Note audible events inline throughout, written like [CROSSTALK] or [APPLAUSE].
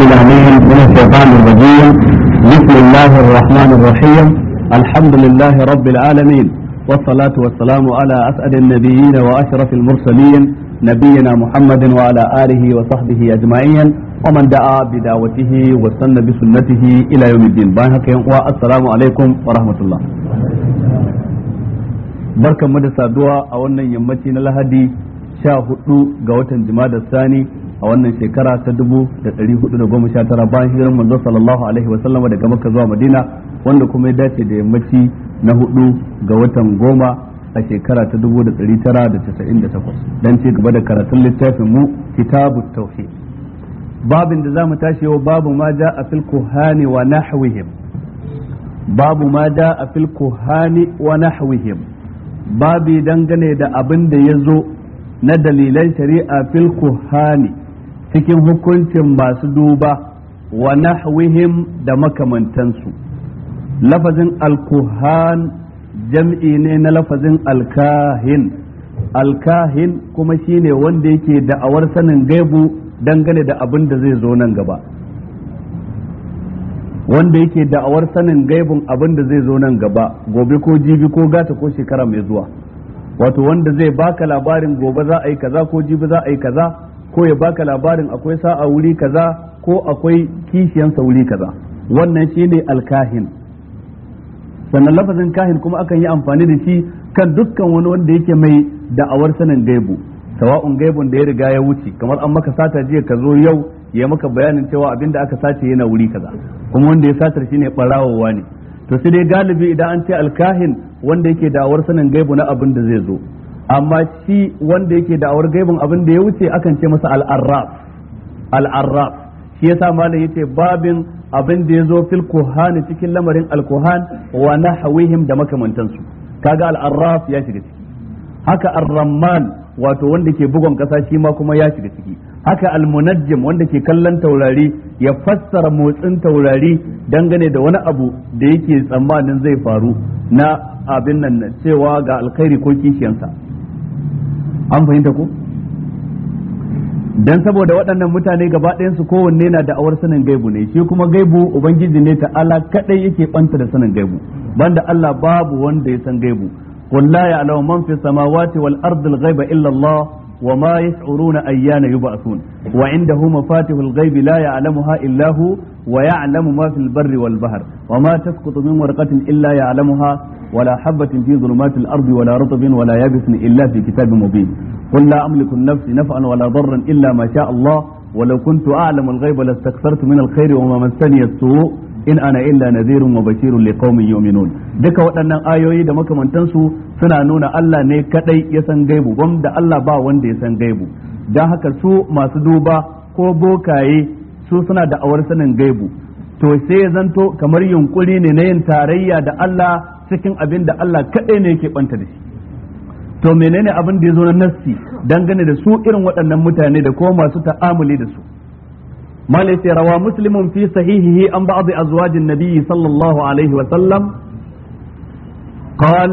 نزل عليهم من الشيطان الرجيم بسم الله الرحمن الرحيم الحمد لله رب العالمين والصلاة والسلام على أسعد النبيين وأشرف المرسلين نبينا محمد وعلى آله وصحبه أجمعين ومن دعا بدعوته وسن بسنته إلى يوم الدين باهك والسلام عليكم ورحمة الله بركة mu da أولنا يمتين wannan yammaci na lahadi sha hudu a wannan shekara ta dubu da ɗari hudu da goma sha tara bayan hijiran manzo sallallahu alaihi wasallama daga makka zuwa madina wanda kuma ya dace da yammaci na hudu ga watan goma a shekara ta dubu da ɗari tara da casa'in da takwas don ci gaba da karatun littafin mu kitabu tauhi babin da za mu tashi yau babu ma ja a fil kuhani wa nahwihim babu ma ja a fil kuhani wa nahwihim babi dangane da abin da ya zo na dalilan shari'a fil kuhani cikin hukuncin masu duba wa nahwihim da makamantansu lafazin alkuhan jam'i ne na lafazin alkahin alkahin kuma shine wanda yake da'awar sanin gaibu dangane da abin da zai zo nan gaba wanda yake da'awar sanin gaibun abin da zai zo nan gaba gobe ko jibi ko gata ko shekara mai zuwa wato wanda zai baka labarin gobe za a yi kaza ko jibi za a yi kaza ko ya baka labarin akwai sa'a wuri kaza ko akwai kishiyansa wuri kaza wannan shine alkahin sannan lafazin kahin kuma akan yi amfani da shi kan dukkan wani wanda yake mai da'awar sanin gaibu sawa'un gaibun da ya riga ya wuce kamar an maka sata jiya ka zo yau ya maka bayanin cewa abinda aka sace yana wuri kaza kuma wanda ya satar shine barawowa ne to sai dai galibi idan an ce alkahin wanda yake da'awar sanin gaibu na abin da zai zo amma shi wanda yake da'awar gaibin abin da ya wuce akan ce masa al-arraf al-arraf shi yasa malam yace babin abin da yazo fil kuhan cikin lamarin al-kuhan wa nahwihim da makamantansu kaga al-arraf ya shiga ciki haka ar-ramman wato wanda ke bugon kasa shi ma kuma ya shiga ciki haka al-munajjim wanda ke kallon taurari ya fassara motsin taurari dangane da wani abu da yake tsammanin zai faru na abin nan cewa ga alkhairi ko kishiyansa an fahimta ko dan saboda waɗannan mutane gaba ɗayan su kowanne na da awar sanin gaibu ne shi kuma gaibu ubangiji ne ta Ala kadai yake banta da sanin gaibu banda Allah babu wanda ya san gaibu qul la ya'lamu man fis samawati wal ardi al ghaiba illa Allah وما يشعرون أيان يبعثون وعنده مفاتيح الغيب لا يعلمها إلا هو ويعلم ما في البر والبحر وما تسقط من ورقة إلا يعلمها ولا حبة في ظلمات الأرض ولا رطب ولا يابس إلا في كتاب مبين قل لا أملك النفس نفعا ولا ضرا إلا ما شاء الله ولو كنت أعلم الغيب لاستكثرت من الخير وما مسني السوء in ana illa nazirun wa bashirun liqaumin yu'minun duka waɗannan ayoyi da makamantansu suna nuna Allah ne kadai ya san gaibu gwam da Allah ba wanda ya san gaibu dan haka su masu duba ko bokaye su suna da awar sanin gaibu to sai ya zanto kamar yunkuri ne na yin tarayya da Allah cikin abin da Allah kadai ne yake kwanta da shi to menene abin da ya zo na nassi dangane da su irin waɗannan mutane da kuma masu ta'amuli da su malai sai rawa muslimun fi sahihihi an ba'd azwajin nabiyyi sallallahu alaihi wa sallam qal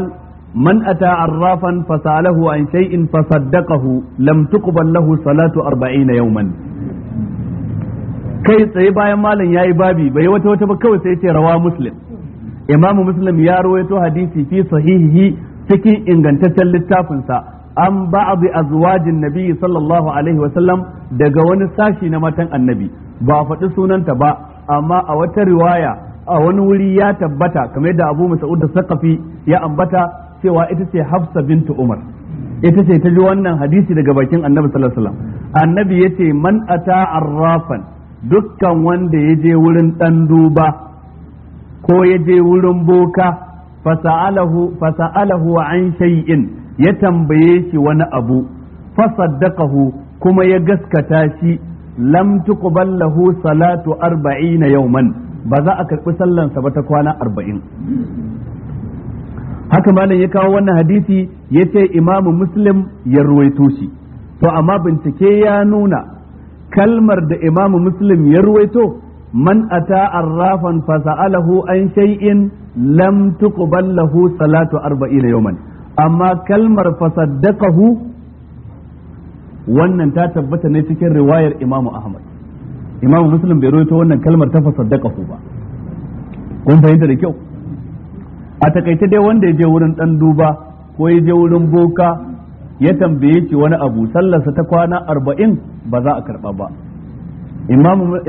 man ata arrafan fasalahu an shay'in fasaddaqahu lam tuqbal lahu salatu 40 yawman kai tsaye bayan malam yayi babi bai wata wata ba kawai sai ce rawa muslim imamu muslim ya rawaito hadisi fi sahihihi cikin ingantaccen littafinsa an ba'd azwajin nabi sallallahu alaihi wasallam daga wani sashi na matan annabi ba faɗi sunanta ba amma a wata riwaya a wani wuri ya tabbata kamar yadda Abu Mas'ud sakafi ya ambata cewa ita ce Hafsa bintu Umar ita ce ta ji wannan hadisi daga bakin Annabi sallallahu alaihi wasallam Annabi yace man ata arrafan dukkan wanda ya je wurin dan duba ko ya je wurin boka fasa'alahu an shay'in ya tambaye shi wani abu fasaddaqahu kuma ya gaskata shi lam tuqbal lahu salatu 40 yawman ba za a karbi sallansa ba ta kwana 40 haka malam ya kawo wannan hadisi yace imamu muslim ya ruwaito shi to amma bincike ya nuna kalmar da imamu muslim ya ruwaito man ata arrafan fasa'alahu an shay'in lam tuqbal lahu salatu 40 yawman amma kalmar fasaddaqahu wannan ta tabbata ne cikin riwayar Imam Ahmad Imam Muslim bai rawaito wannan kalmar ta fasaddaqahu ba kun fahimta da kyau a takaice dai wanda ya je wurin dan duba ko ya je wurin boka ya tambaye shi wani abu sallarsa ta kwana arba'in ba za a karba ba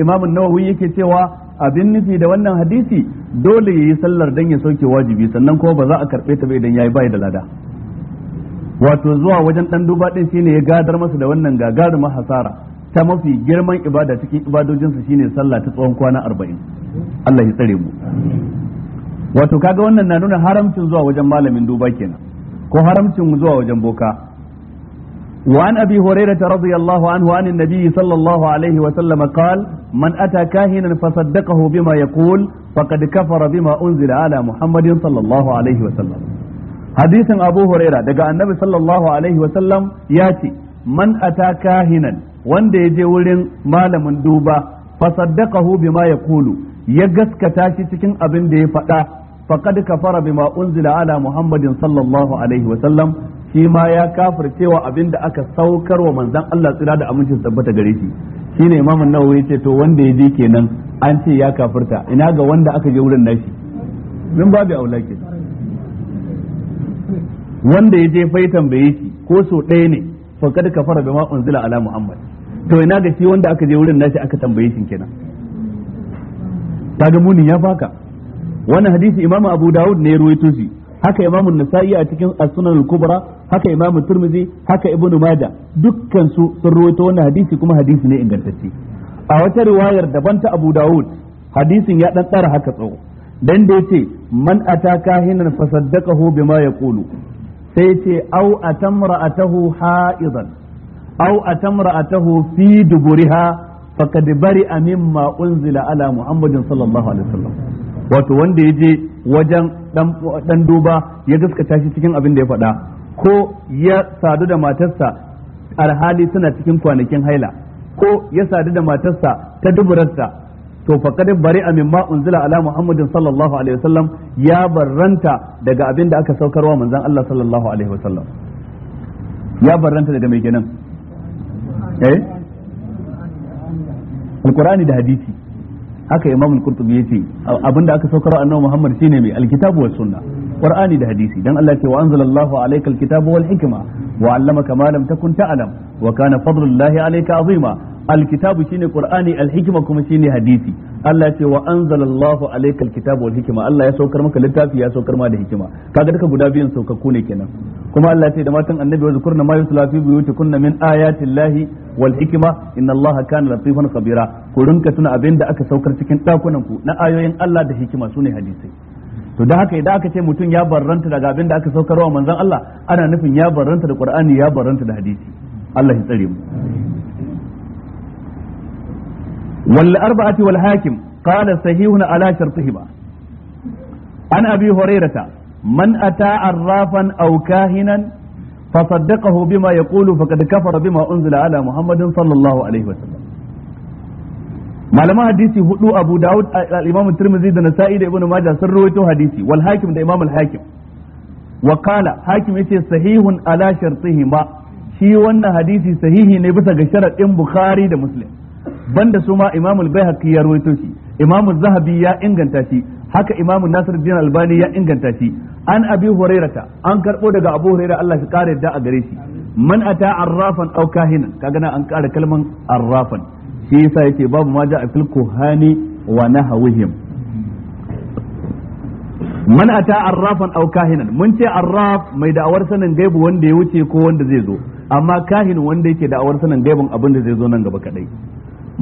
imamu nawawi yake cewa abin nufi da wannan hadisi dole ya yi sallar dan ya sauke wajibi sannan kuma ba za a karbe ta ba idan yayi bai da lada wato zuwa wajen ɗan duba din shine ya gadar masa da wannan gagarumar hasara ta mafi girman ibada cikin ibadojinsa shine sallah ta tsawon kwana 40 Allah ya tsare mu wato kaga wannan na nuna haramcin zuwa wajen malamin duba kenan ko haramcin zuwa wajen boka وعن أبي هريرة رضي الله عنه عن النبي صلى الله عليه وسلم قال من أتى كاهنا فصدقه بما يقول فقد كفر بما أنزل على محمد صلى الله عليه وسلم حديث أبو هريرة دقاء النبي صلى الله عليه وسلم ياتي من أتى كاهنا wanda ya je wurin malamin duba fasaddaqahu bima yaqulu ya gaskata shi cikin abin da ya faɗa faqad kafara bima unzila ala muhammadin sallallahu alaihi wa sallam shi ma ya cewa abin da aka saukar wa manzan Allah tsira da amincin tabbata gare shi shine Imam ya ce to wanda ya je kenan an ce ya kafirta ina ga wanda aka je wurin nashi min babu aula ke wanda ya je fai tambaye shi ko so ɗaya ne fara kafara bima unzila ala Muhammad to ina ga shi wanda aka je wurin nashi aka tambaye shi kenan ga munin ya faka. wannan hadisi Imam Abu Dawud ne ya ruwaito shi haka Imam Nasa'i a cikin As-Sunan Al-Kubra haka imam turmizi haka ibnu mada dukkan su sun rawaito wannan hadisi kuma hadisi ne ingantacce a wata riwayar daban ta abu dawud hadisin ya dan tsara haka tsawo dan da yace man ataka hinan fasaddaqahu bima yaqulu sai yace au atamra'atahu haidan au atamra'atahu fi duburiha faqad bari'a mimma unzila ala muhammadin sallallahu alaihi wasallam wato wanda yaje wajen dan duba ya gaskata shi cikin abin da ya faɗa ko ya sadu da matarsa alhali suna cikin kwanakin haila ko ya sadu da matarsa ta duburarsa to bari amin mimma unzila ala muhammadin sallallahu alaihi wasallam ya barranta daga abin da aka saukarwa manzon Allah sallallahu alaihi wasallam ya barranta daga mai ginin eh alqur'ani da hadisi haka imam al-qurtubi yace abinda aka saukarwa annabi muhammad shine mai alkitabu was sunnah qur'ani da hadisi dan Allah ya ce wa anzalallahu alaykal kitaba wal hikma wa 'allamaka ma lam takun ta'lam wa kana fadlullahi alayka 'azima alkitabu shine qur'ani alhikma kuma shine hadisi Allah ya ce wa anzalallahu alayka alkitaba wal hikma Allah ya saukar maka littafi ya saukar ma da hikima kaga duka guda biyan saukakku ne kenan kuma Allah ce da matan annabi wa zikurna ma yusla fi buyutikunna min ayati llahi wal hikma inna allaha kana latifan khabira ku rinka tuna abin da aka saukar cikin dakunan ku na ayoyin Allah da hikima sune hadisai to da haka idan aka ce mutum ya barranta daga abin da aka saukarwa manzon Allah ana nufin ya barranta da Qur'ani ya barranta da hadisi Allah ya tsare mu wal arba'ati wal hakim qala sahihun ala shartihima an abi hurairata man ata arrafan aw kahinan فصدقه بما يقول فقد كفر بما أنزل على محمد صلى الله عليه وسلم malaman hadisi hudu abu da'ud al-imam tirmidhi da nasa'i da ibnu majah sun rawaito hadisi wal hakim da imam al-hakim wa qala hakim yace sahihun ala shartihi ma shi wannan hadisi sahihi ne bisa ga sharadin bukhari da muslim banda su ma imam al-baihaqi ya rawaito shi imam az-zahabi ya inganta shi haka imam nasiruddin albani ya inganta shi an abi hurairata an karbo daga abu hurairah Allah ya kare da a gare shi man ata arrafan aw kahinan kaga an kara kalman arrafan shi yasa yake babu ma ja'a fil kuhani wa nahawihim man ata arrafan aw kahinan mun ce arraf mai da'awar sanin gaibu wanda ya wuce ko wanda zai zo amma kahin wanda yake da'awar sanin gaibun abin da zai zo nan gaba kadai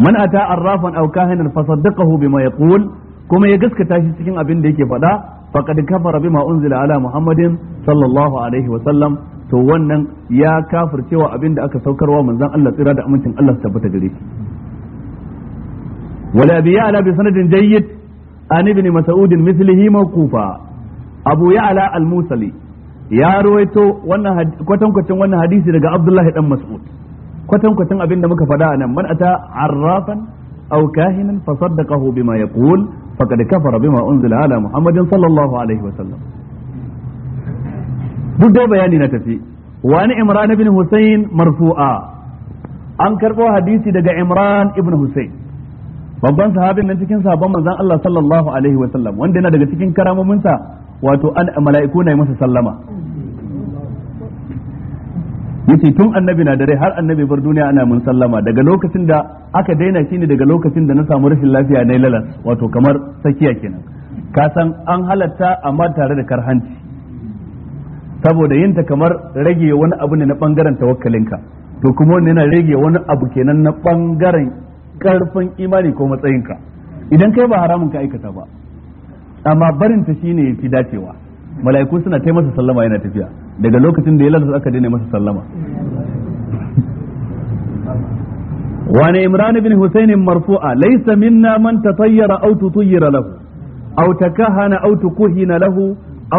man ata arrafan aw kahinan fa saddaqahu bima yaqul kuma ya gaskata shi cikin abin da yake faɗa faqad kafara bima unzila ala muhammadin sallallahu alaihi wa sallam to wannan ya kafircewa abin da aka saukarwa manzon Allah tsira da amincin Allah tabbata gare shi wala abi ya'la bi sanadin jayyid an ibn mas'ud mithlihi mawqufa abu ya'la al-musali ya ruwaito wannan kwatankwacin hadisi daga abdullahi dan mas'ud kwatankwacin abinda muka faɗa a nan man ata arrafan aw kahinan fa saddaqahu bima yaqul faqad kafara bima unzila ala muhammadin sallallahu alaihi wa sallam duk da bayani na tafi wani imran ibn husayn marfu'a an karɓo hadisi daga imran ibn husain. babban sahabin nan cikin sahabban manzon Allah sallallahu alaihi wa sallam wanda yana daga cikin karamomin sa wato an mala'iku na yi masa sallama yace tun annabi na dare har annabi bar duniya ana mun sallama daga lokacin da aka daina shi ne daga lokacin da na samu rashin lafiya na lalas wato kamar sakiya kenan ka san an halatta amma tare da karhanci saboda yin ta kamar rage wani abu ne na bangaren tawakkalinka to kuma wannan yana rage wani abu kenan na bangaren karfin imani ko matsayinka idan kai ba haramun ka aikata ba amma barin ta shine yafi dacewa mala'iku suna taimasa masa sallama yana tafiya daga lokacin da ya lalata aka daina masa sallama wani imran bin husayn marfu'a laysa minna man tatayyara aw tutayyara lahu aw takahana aw tukuhina lahu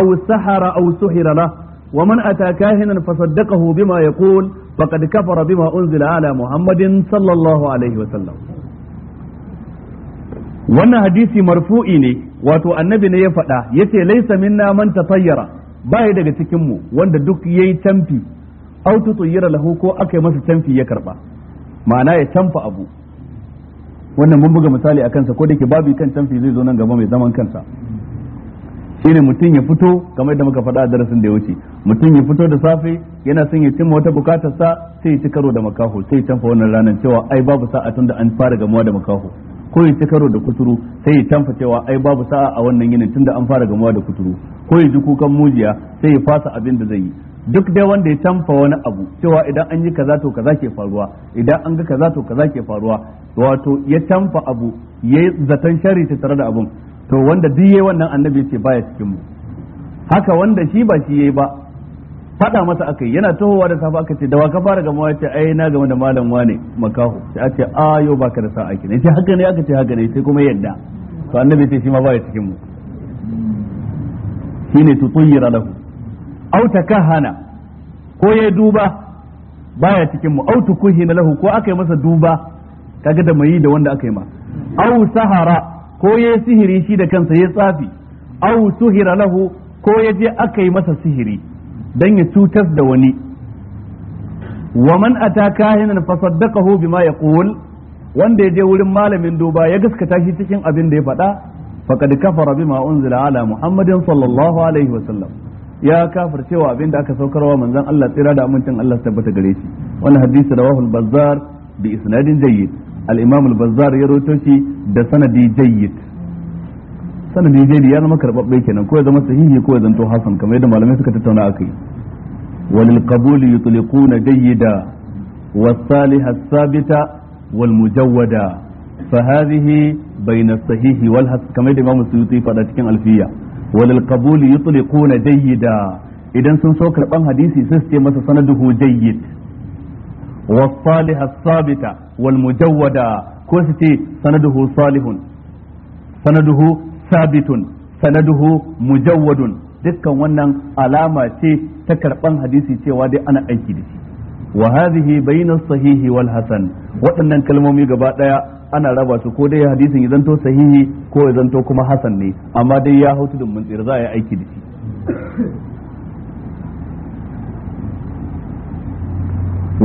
aw sahara aw suhira lahu ومن أتى كاهنا فصدقه بما يقول faqad kafara bima unzila ala muhammadin sallallahu alaihi wasallam wannan hadisi marfu'i ne wato annabi ne ya faɗa yace laysa minna man tatayyara baya daga cikin mu wanda duk yayi tamfi au tutayyara lahu ko yi masa tamfi ya karba ma'ana ya tamfa abu wannan mun buga misali a kansa ko da ke babu kan tamfi zai zo nan gaba mai zaman kansa shine mutum ya fito kamar da muka faɗa a darasin da ya wuce mutum ya fito da safe yana son ya cimma wata bukatar sa sai ya ci karo da makaho sai ya canfa wannan ranar cewa ai babu sa'a tun da an fara gamuwa da makaho ko ya ci karo da kuturu sai ya canfa cewa ai babu sa'a a wannan yinin tun da an fara gamuwa da kuturu ko ya ji kukan mujiya sai ya fasa abin da zai yi duk dai wanda ya canfa wani abu cewa idan an yi kaza to kaza ke faruwa idan an ga kaza to kaza ke faruwa wato ya canfa abu ya zaton shari ta tare da abun to wanda duk yayi wannan annabi ce baya cikin mu haka wanda shi ba shi yayi ba faɗa masa aka yi yana tohowa da safe aka ce da wa ka fara ya ce ai na game da malam wane makaho sai a ce a yau baka da sa'a ne sai haka ne aka ce haka ne sai kuma yadda to annabi ce shi ma baya cikin mu shine tuyira lahu aw takahana ko ya duba baya cikin mu aw tukuhina lahu ko aka yi masa duba kaga da mai da wanda aka yi ma aw sahara ko ya sihiri shi da kansa ya tsafi au suhira lahu ko ya je aka yi masa sihiri dan ya cutar da wani wa man ata kahinan fa saddaqahu bima yaqul wanda ya je wurin malamin duba ya gaskata shi cikin abin da ya faɗa faqad kafara bima unzila ala muhammadin sallallahu alaihi wa sallam ya kafir cewa abin da aka saukarwa manzon Allah tsira da amincin Allah tabbata gare shi wannan hadisi rawahu al-bazzar bi isnadin jayyid al-imam al ya rawaito da sanadi jayyid sanadi ya zama karbabbe kenan ko ya zama sahihi ko ya zanto hasan kamar yadda malamai suka tattauna akai walil qabul yutliquna jayyida والصالح الثابت والمجودة فهذه بين الصحيح والحسن كما يدعي الإمام السيوطي فداتكين ألفية وللقبول يطلقون جيدا idan sun so karban hadisi sai su ce masa sanaduhu jayyid wa wal mujawwada ko su ce sanaduhu salihun sanaduhu sabitun sanaduhu mujawwadun dukkan wannan alama ce ta karban hadisi cewa dai ana aiki da shi wa hadhihi bayna sahihi wal hasan waɗannan kalmomi gaba daya ana raba su ko dai hadisin idan to sahihi ko idan to kuma hasan ne amma dai ya hautu da mun tsira za a yi aiki da shi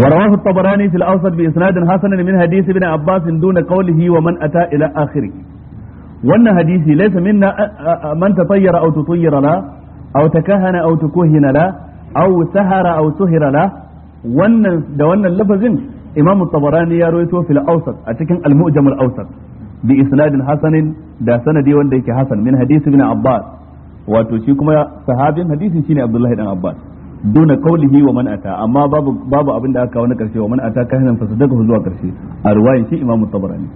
ورواه الطبراني في الأوسط بإسناد حسن من حديث ابن عباس دون قوله ومن أتى إلى آخره وأن حديثي ليس منا من تطير أو تطير لا أو تكهن أو تكهن لا أو سهر أو سهر لا وأن ده وأن اللفظ إمام الطبراني يرويته في الأوسط أتكن المؤجم الأوسط بإسناد حسن ده سندي وأن حسن من حديث ابن عباس وتوشيكما صحابي حديث شيني عبد الله بن عباس duna kaulihi wa man ata amma babu abin da aka kawo na karshe wa man ata kahinan fasadaka zuwa karshe a ruwayin shi imamu tabarani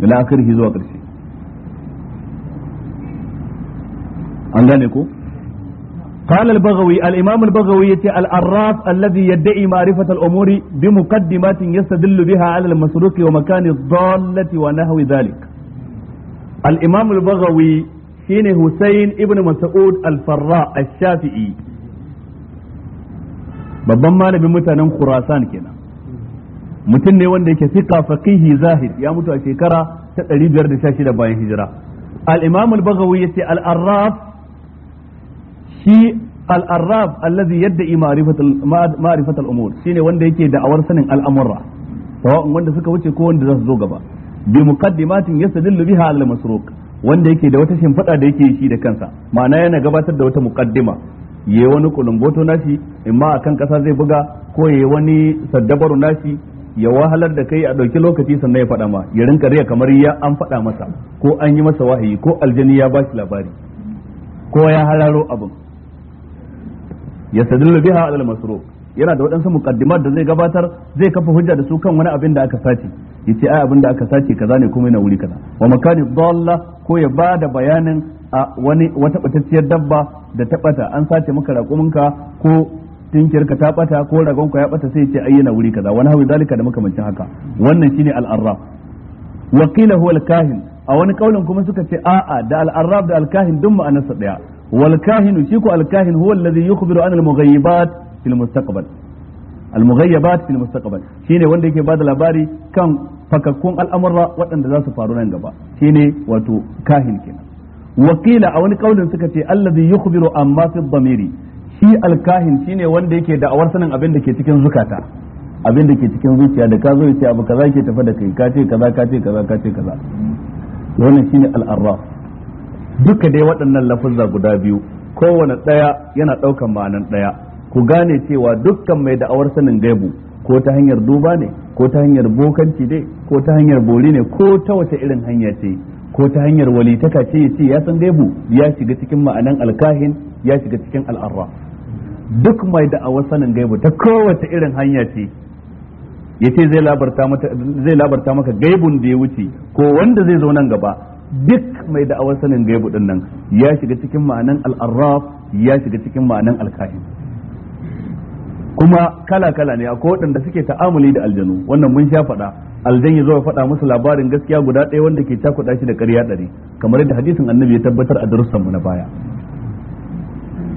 da la'akarihi zuwa karshe an gane ko قال البغوي الإمام البغوي الأراف الذي يدعي معرفة الأمور بمقدمات يستدل بها على المسروق ومكان الضالة ونحو ذلك الإمام البغوي شين حسين ابن مسعود الفراء الشافعي babban malamin mutanen khurasan kenan mutum ne wanda yake fiqa faqihi zahid ya mutu a shekara ta 516 bayan hijira al-imam al-baghawi yace al-arraf shi al-arraf allazi yadda ma'rifat al-umur shine wanda yake da'awar sanin al'amura sawa'un wanda suka wuce ko wanda za su zo gaba bi muqaddimatin yastadillu biha al-masruq wanda yake da wata shimfiɗa da yake shi da kansa ma'ana yana gabatar da wata muqaddima yayi wani kulumboto nashi imma akan kasa zai buga ko yi wani saddabaru nashi ya wahalar da kai a ɗauki lokaci sannan ya faɗa ma ya rinka riya kamar ya an faɗa masa ko an yi masa wahayi ko aljani ya ba shi labari ko ya hararo abin ya sadullu biha alal masruq yana da waɗansu muqaddimat da zai gabatar zai kafa hujja da su kan wani abin da aka sace yace ai abin da aka sace kaza ne kuma yana wuri kaza wa makani dalla ko ya bada bayanin a wani wata batacciyar dabba da ta bata an sace maka raƙuminka ko tinkirka ta bata ko ragonka ya bata sai ce yana wuri kaza wani hawi zalika da makamancin haka wannan shine al-arraf wa qila huwa al-kahin a wani kaulin kuma suka ce a'a da al-arraf da al-kahin duk ɗaya daya wal kahinu shi ko al-kahin huwa alladhi yukhbiru an al-mughayibat fil mustaqbal al-mughayibat fil mustaqbal shine wanda yake bada labari kan fakakkun al'amura waɗanda za su faru nan gaba shine wato kahin kenan wakila a wani kaulin suka ce allazi yukhbiru amma fi dhamiri shi alkahin shine wanda yake da'awar sanin abin da ke cikin zukata abin da ke cikin zuciya da ka zo ya abu kaza ke tafa da kai ka ce kaza ka ce kaza ka ce kaza wannan shine al-arraf duka dai waɗannan lafuzza guda biyu kowane ɗaya yana ɗaukan ma'anan ɗaya ku gane cewa dukkan mai da'awar sanin gaibu ko ta hanyar duba ne ko ta hanyar bokanci ne ko ta hanyar bori ne ko ta wata irin hanya ce ko ta hanyar walitaka ce ya ce ya san gaibu ya shiga cikin ma'anan alkahin ya shiga cikin al'arra duk mai da awa sanin gaibu ta kowace irin hanya ce ya ce zai labarta maka gaibun da ya wuce ko wanda zai zo nan gaba duk mai da awa sanin gaibu din nan ya shiga cikin ma'anan al'arraf ya shiga cikin ma'anan alkahin kuma kala kala ne a waɗanda suke ta'amuli da aljanu wannan mun sha faɗa aljan ya zo ya faɗa musu labarin gaskiya guda ɗaya wanda ke cakuɗa shi da ƙarya ɗari kamar yadda hadisin annabi ya tabbatar a darussan mu na baya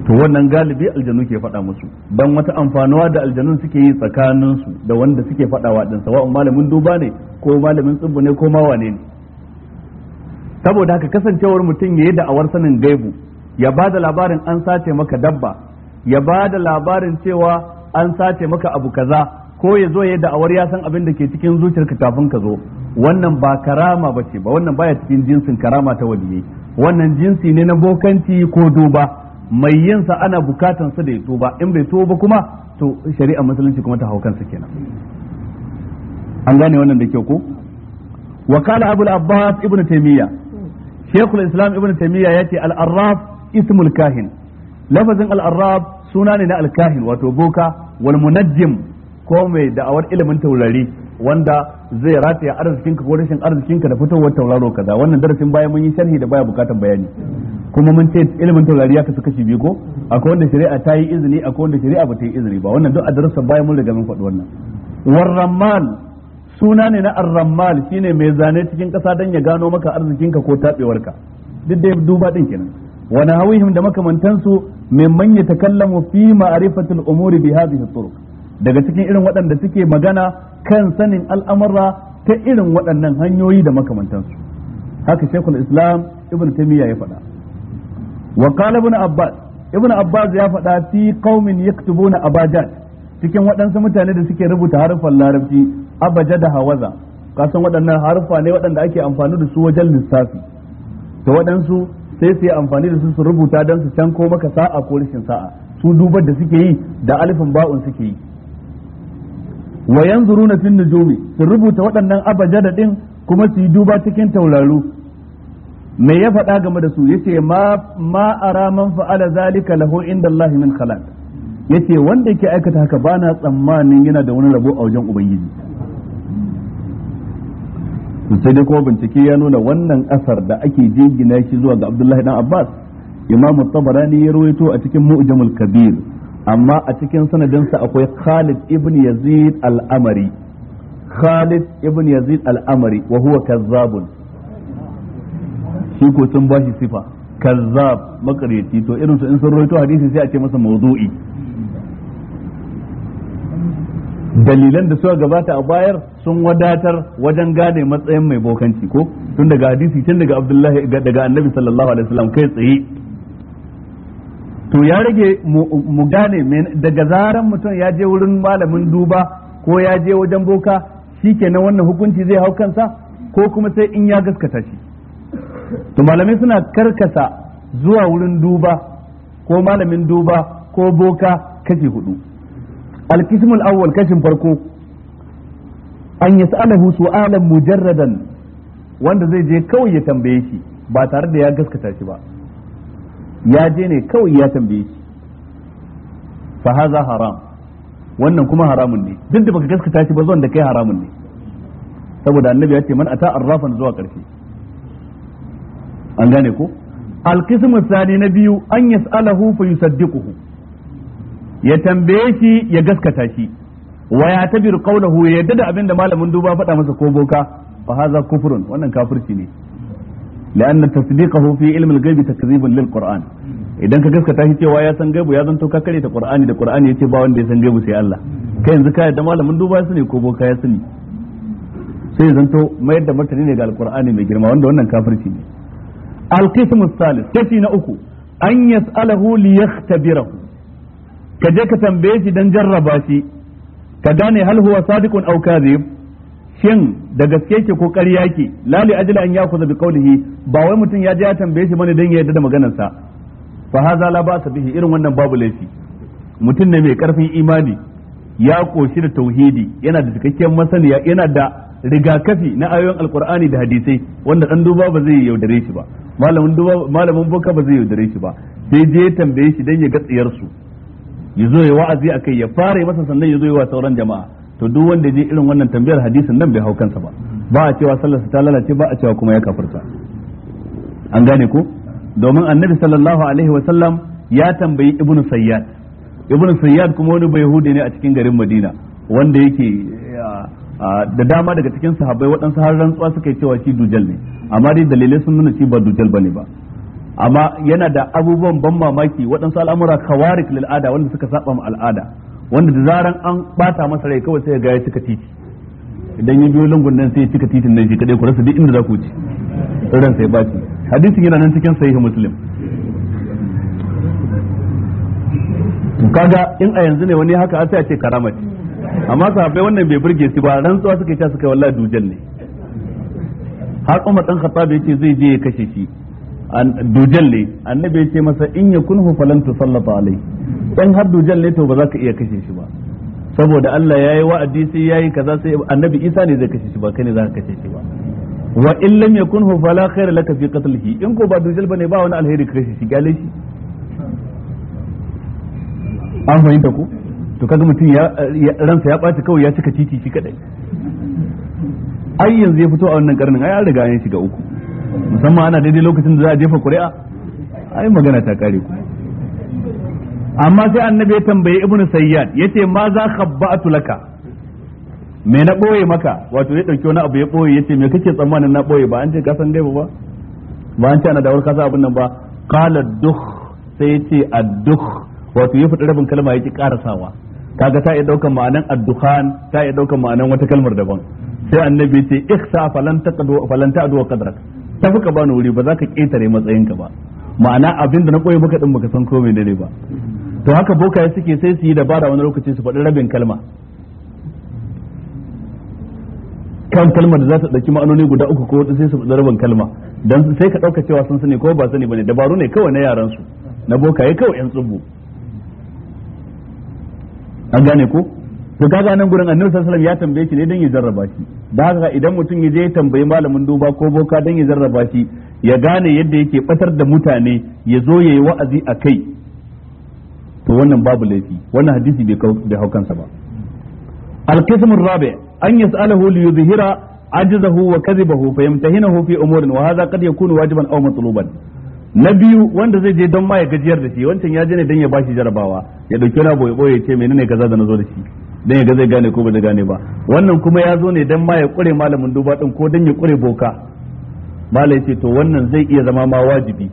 to wannan galibi aljanu ke faɗa musu dan wata amfanuwa da aljanun suke yi tsakanin su da wanda suke faɗawa din sawa'un malamin duba ne ko malamin tsibbu ne ko ma wane ne saboda haka kasancewar mutum ya yi da'awar sanin gaibu ya ba da labarin an sace maka dabba ya ba da labarin cewa an sace maka abu kaza ko ya zo ya da'awar ya san abin da ke cikin zuciyar ka kafin ka zo wannan ba karama ba ce ba wannan baya cikin jinsin karama ta waliyai wannan jinsi ne na bokanci ko duba mai yinsa ana bukatan sa da ya tuba in bai tuba kuma to shari'a musulunci kuma ta hau kansa kenan an gane wannan da kyau ko wakala abul abbas ibnu taymiya shaykhul islam ibnu taymiya yace al arraf ismul kahin lafazin al arraf suna ne na al kahin wato boka wal munajjim ko mai da'awar ilimin taurari wanda zai rataya arzikinka ko rashin arzikinka da fitowar tauraro kaza wannan darasin baya mun yi sharhi da baya bukatan bayani kuma mun ce ilimin taurari ya kasu kashi biyu ko akwai wanda shari'a ta yi izini akwai wanda shari'a ba ta yi izini ba wannan duk a darasin baya mun riga mun faɗi wannan warramal suna ne na arramal shine mai zane cikin kasa dan ya gano maka arzikinka ko taɓewarka duk dai duba din kenan wani hawihim da makamantansu manya takallamu fi ma'arifatul umuri bi hadhihi turuq daga cikin irin waɗanda suke magana kan sanin al'amura ta irin waɗannan hanyoyi da makamantansu haka shekul islam ibn taimiyya ya faɗa wa qala ibn abbas ibn abbas ya faɗa fi qaumin na abajat cikin waɗansu mutane da suke rubuta harufan larabci abaja da hawaza kasan waɗannan harufa ne waɗanda ake amfani da su wajen lissafi ta waɗansu sai su yi amfani da su su rubuta don su can ko maka sa'a ko rashin sa'a su dubar da suke yi da alifin ba'un suke yi wa yanzuruna fin nujumi su rubuta waɗannan abajada din kuma su yi duba cikin tauraru me ya faɗa game da su yace ma ma ara man fa'ala zalika lahu inda Allah min khalaq yace wanda yake aikata haka bana tsammanin yana da wani rabo a wajen ubangiji sai dai kuma bincike ya nuna wannan asar da ake jingina shi zuwa ga Abdullahi dan Abbas Imam Tabarani ya ruwaito a cikin Mu'jamul Kabir amma a cikin sanadinsa akwai Khalid ibn Yazid al-Amari Khalid ibn Yazid al-Amari wa huwa kazzabun shi ko sun bashi sifa kazzab makaryaci to irin su in sun roito hadisi sai a ce masa mawdu'i dalilan da suka gabata a bayar sun wadatar wajen gane matsayin mai bokanci ko tun daga hadisi tun daga Abdullahi daga Annabi sallallahu alaihi wasallam kai tsaye to ya rage mu gane daga zaran mutum ya je wurin malamin duba ko ya je wajen boka shi shikenan wannan hukunci zai hau kansa ko kuma sai in ya gaskata shi to malamai suna karkasa zuwa wurin duba ko malamin duba ko boka kashi hudu alkismul awwal kashin farko an yi su su'alan mujarradan wanda zai je kawai ya tambaye shi ba tare da ya gaskata shi ba ya je ne kawai ya tambaye shi. fa haza haram wannan kuma haramun ne duk da baka gaskata shi ba zuwan da kai haramun ne saboda annabi ya ce man ata arrafan zuwa karshe an gane ko alqismu Sani na biyu an yas'alahu fa yusaddiquhu ya tambaye shi ya gaskata shi wa ya tabir qawluhu ya yadda da abinda malamin duba faɗa masa ko boka fa haza kufrun wannan kafirci ne لأن تصديقه في علم الغيب تكذيب للقرآن idan ka gaskata shi cewa ya san gaibu ya zanto ka kare ta qur'ani da qur'ani yace ba wanda ya san gaibu sai Allah kai yanzu ka yadda malamin duba su ne ko boka ya sani sai ya zanto mayar da martani ne ga alqur'ani mai girma wanda wannan kafirci ne alqismu salis kashi na uku an yas'alahu li yakhtabirahu ka je ka tambaye shi dan jarraba shi ka gane hal huwa sadiqun aw kadhib shin da gaske ke ko ƙarya ke lali ajila an ya yakuza bi kaulihi ba wai mutum ya je ya tambaye shi bane dan ya yarda da maganar sa fa haza la ba bihi irin wannan babu laifi mutum ne mai karfin imani ya koshi da tauhidi yana da cikakken masaniya yana da rigakafi na ayoyin alkur'ani da hadisai wanda dan duba ba zai yaudare shi ba malamin duba malamin boka ba zai yaudare shi ba sai je tambaye shi dan ya ga tsiyar su ya zo ya wa'azi akai ya fara masa sannan ya zo ya wa sauran jama'a to duk wanda ya je irin wannan tambayar hadisin nan bai hau kansa ba ba a cewa sallarsa ta lalace ba a cewa kuma ya kafirta an gane ko domin annabi sallallahu alaihi wa sallam ya tambayi ibnu sayyad ibnu sayyad kuma wani bai hude ne a cikin garin madina wanda yake da dama daga cikin sahabbai waɗansu har rantsuwa suka yi cewa shi dujal ne amma dai dalilai sun nuna shi ba dujal ne ba amma yana da abubuwan ban mamaki waɗansu al'amura kawarik lil'ada wanda suka saba ma al'ada wanda da zaran an bata masa rai kawai sai ga ya cika titi idan ya biyo lungun nan sai ya cika titin nan shi kadai ku rasa duk inda za ku ci ran sai baci hadisin yana nan cikin sahih muslim kaga in a yanzu ne wani haka a sai a ce karamat amma sahabbai wannan bai burge su ba rantsuwa suka ta suka yi wallahi dujan ne har Umar dan Khattab yace zai je ya kashe shi dujal ne annabi ya ce masa in ya kunhu falan sallata alai dan har dujalle ne to ba za ka iya kashe shi ba saboda Allah ya yi wa'adi sai ya yi kaza sai annabi Isa ne zai kashe shi ba kai ne za ka kashe shi ba wa in lam yakunhu fala khayra laka fi qatlihi in ko ba dujal bane ba wani alheri kare kashe shi gale shi an fahimta ko to kaga mutum ya ransa ya ɓaci kawai ya cika titi shi kadai ai yanzu ya fito a wannan karnin ai an riga an shiga uku musamman ana daidai lokacin da za a jefa ƙuri'a ai magana ta kare ku amma sai annabi ya tambaye ibnu sayyad yace ma za khabba'tu laka me na boye maka wato ya dauki wani abu ya boye yace me kake tsammanin na boye ba an ce ka san gaiba ba ba an ce ana dawar kasa abin nan ba qala duk sai yace ad-dukh wato ya fada rabin kalma yake karasawa kaga ta iya daukan ma'anan ad ta iya daukan ma'anan wata kalmar daban sai annabi ya ce ikhsa falan taqdu falan ta'du qadrak tafi ka bani wuri ba za ka ƙetare matsayinka ba ma'ana abin da na koyi maka din baka san ko dare ba to haka bokaye suke sai su yi dabara wani lokaci su faɗi rabin kalma kan kalmar da za ta ɗauki ma'anoni guda uku ko wata sai su faɗi rabin kalma dan sai ka ɗauka cewa sun sani ko ba sani ne dabaru ne kawai na yaran su na bokaye kawai yan tsubu an gane ko to kaga nan gurin annabi sallallahu alaihi ya tambaye shi ne dan ya jarraba shi da haka idan mutum ya je ya tambayi malamin duba ko boka dan ya jarraba shi ya gane yadda yake batar da mutane ya zo ya yi wa'azi a kai to wannan babu laifi wannan hadisi bai hau kansa ba القسم الرابع أن يسأله ليظهر عجزه وكذبه فيمتهنه في أمور وهذا قد يكون wajiban أو مطلوبا na biyu wanda zai je don ma ya gajiyar da shi wancan ya je ne don ya bashi jarabawa ya dauki na boye ya boye ce menene kaza da nazo da shi dan ya ga zai gane ko ba zai gane ba wannan kuma ya zo ne dan ma ya kure malamin duba din ko dan ya kure boka malai ce to wannan zai iya zama ma wajibi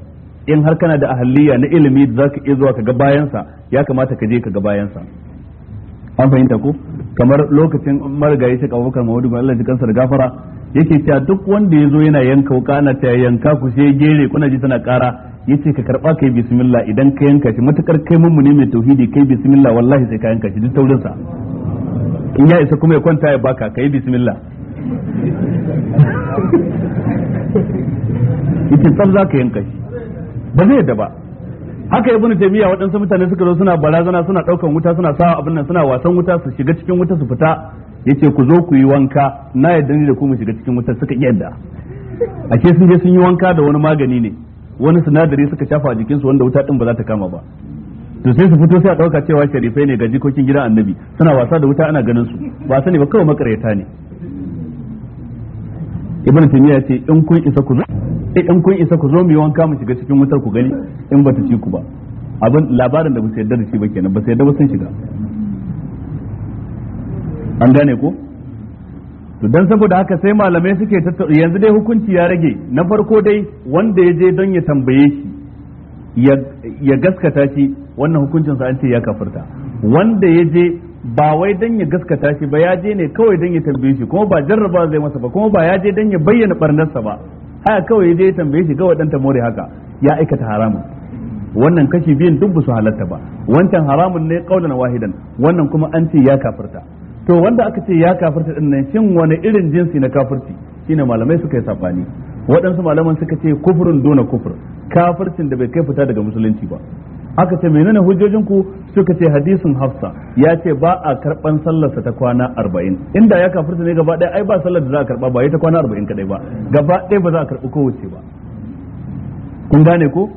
in har kana da ahaliya na ilimi da zaka iya zuwa ka ga bayansa ya kamata ka je ka ga bayansa an fahimta ko kamar lokacin marigayi shi kan mahmudu ba allah kansa da gafara yake cewa duk wanda yazo yana yanka wuka ana ta yanka ku sai gere kuna ji tana kara yace ka karba kai bismillah idan ka yanka shi matukar kai mun ne mai tauhidi kai bismillah wallahi sai ka yanka shi duk taurin sa in ya isa kuma ya kwanta ya baka kai bismillah [LAUGHS] yace tsaf za ka yanka shi ba zai da ba haka ibnu taymiya waɗansu mutane suka zo suna barazana suna daukan wuta suna sawa abin nan suna wasan wuta su shiga cikin wuta su fita yace ku zo ku yi wanka na yadda ni da ku mu shiga cikin wutar suka yadda ashe sun je sun yi wanka da wani magani ne wani sinadari suka shafa a jikinsu wanda wuta din ba za ta kama ba to sai su fito sai a dauka cewa sharifai ne ga jikokin gidan annabi suna wasa da wuta ana ganin su ba sani ba kawai makaryata ne ibn ya ce in kun isa ku zo eh, in kun isa ku zo mu yi wanka mu shiga cikin wutar ku gani in bata ci ku ba abin labarin da ba su yarda da shi ba kenan ba su yarda ba sun shiga an gane ko to dan saboda haka sai malamai suke yanzu dai hukunci ya rage na farko dai wanda ya je don ya tambaye shi ya gaskata shi wannan hukuncinsa an ce ya kafirta wanda ya je ba wai don ya gaskata shi ba ya je ne kawai don ya tambaye shi kuma ba jarraba zai masa ba kuma ba ya je don ya bayyana barnarsa ba haka kawai ya je ya tambaye shi kawai dan more haka ya aikata haramun wannan kashi biyun duk su halatta ba wancan haramun ne kaulan wahidan wannan kuma an ce ya kafirta to wanda aka ce ya kafirta din nan shin wani irin jinsi na kafirci shine malamai suka yi sabani waɗansu malaman suka ce kufrun dona kufur kafircin da bai kai fita daga musulunci ba aka ce menene hujjojin ku suka ce hadisin hafsa ya ce ba a karban sallarsa ta kwana arba'in inda ya kafirta ne gaba ɗaya ai ba sallar da za a karba ba ya ta kwana arba'in kadai ba gaba ɗaya ba za a karɓi kowace ba kun gane ko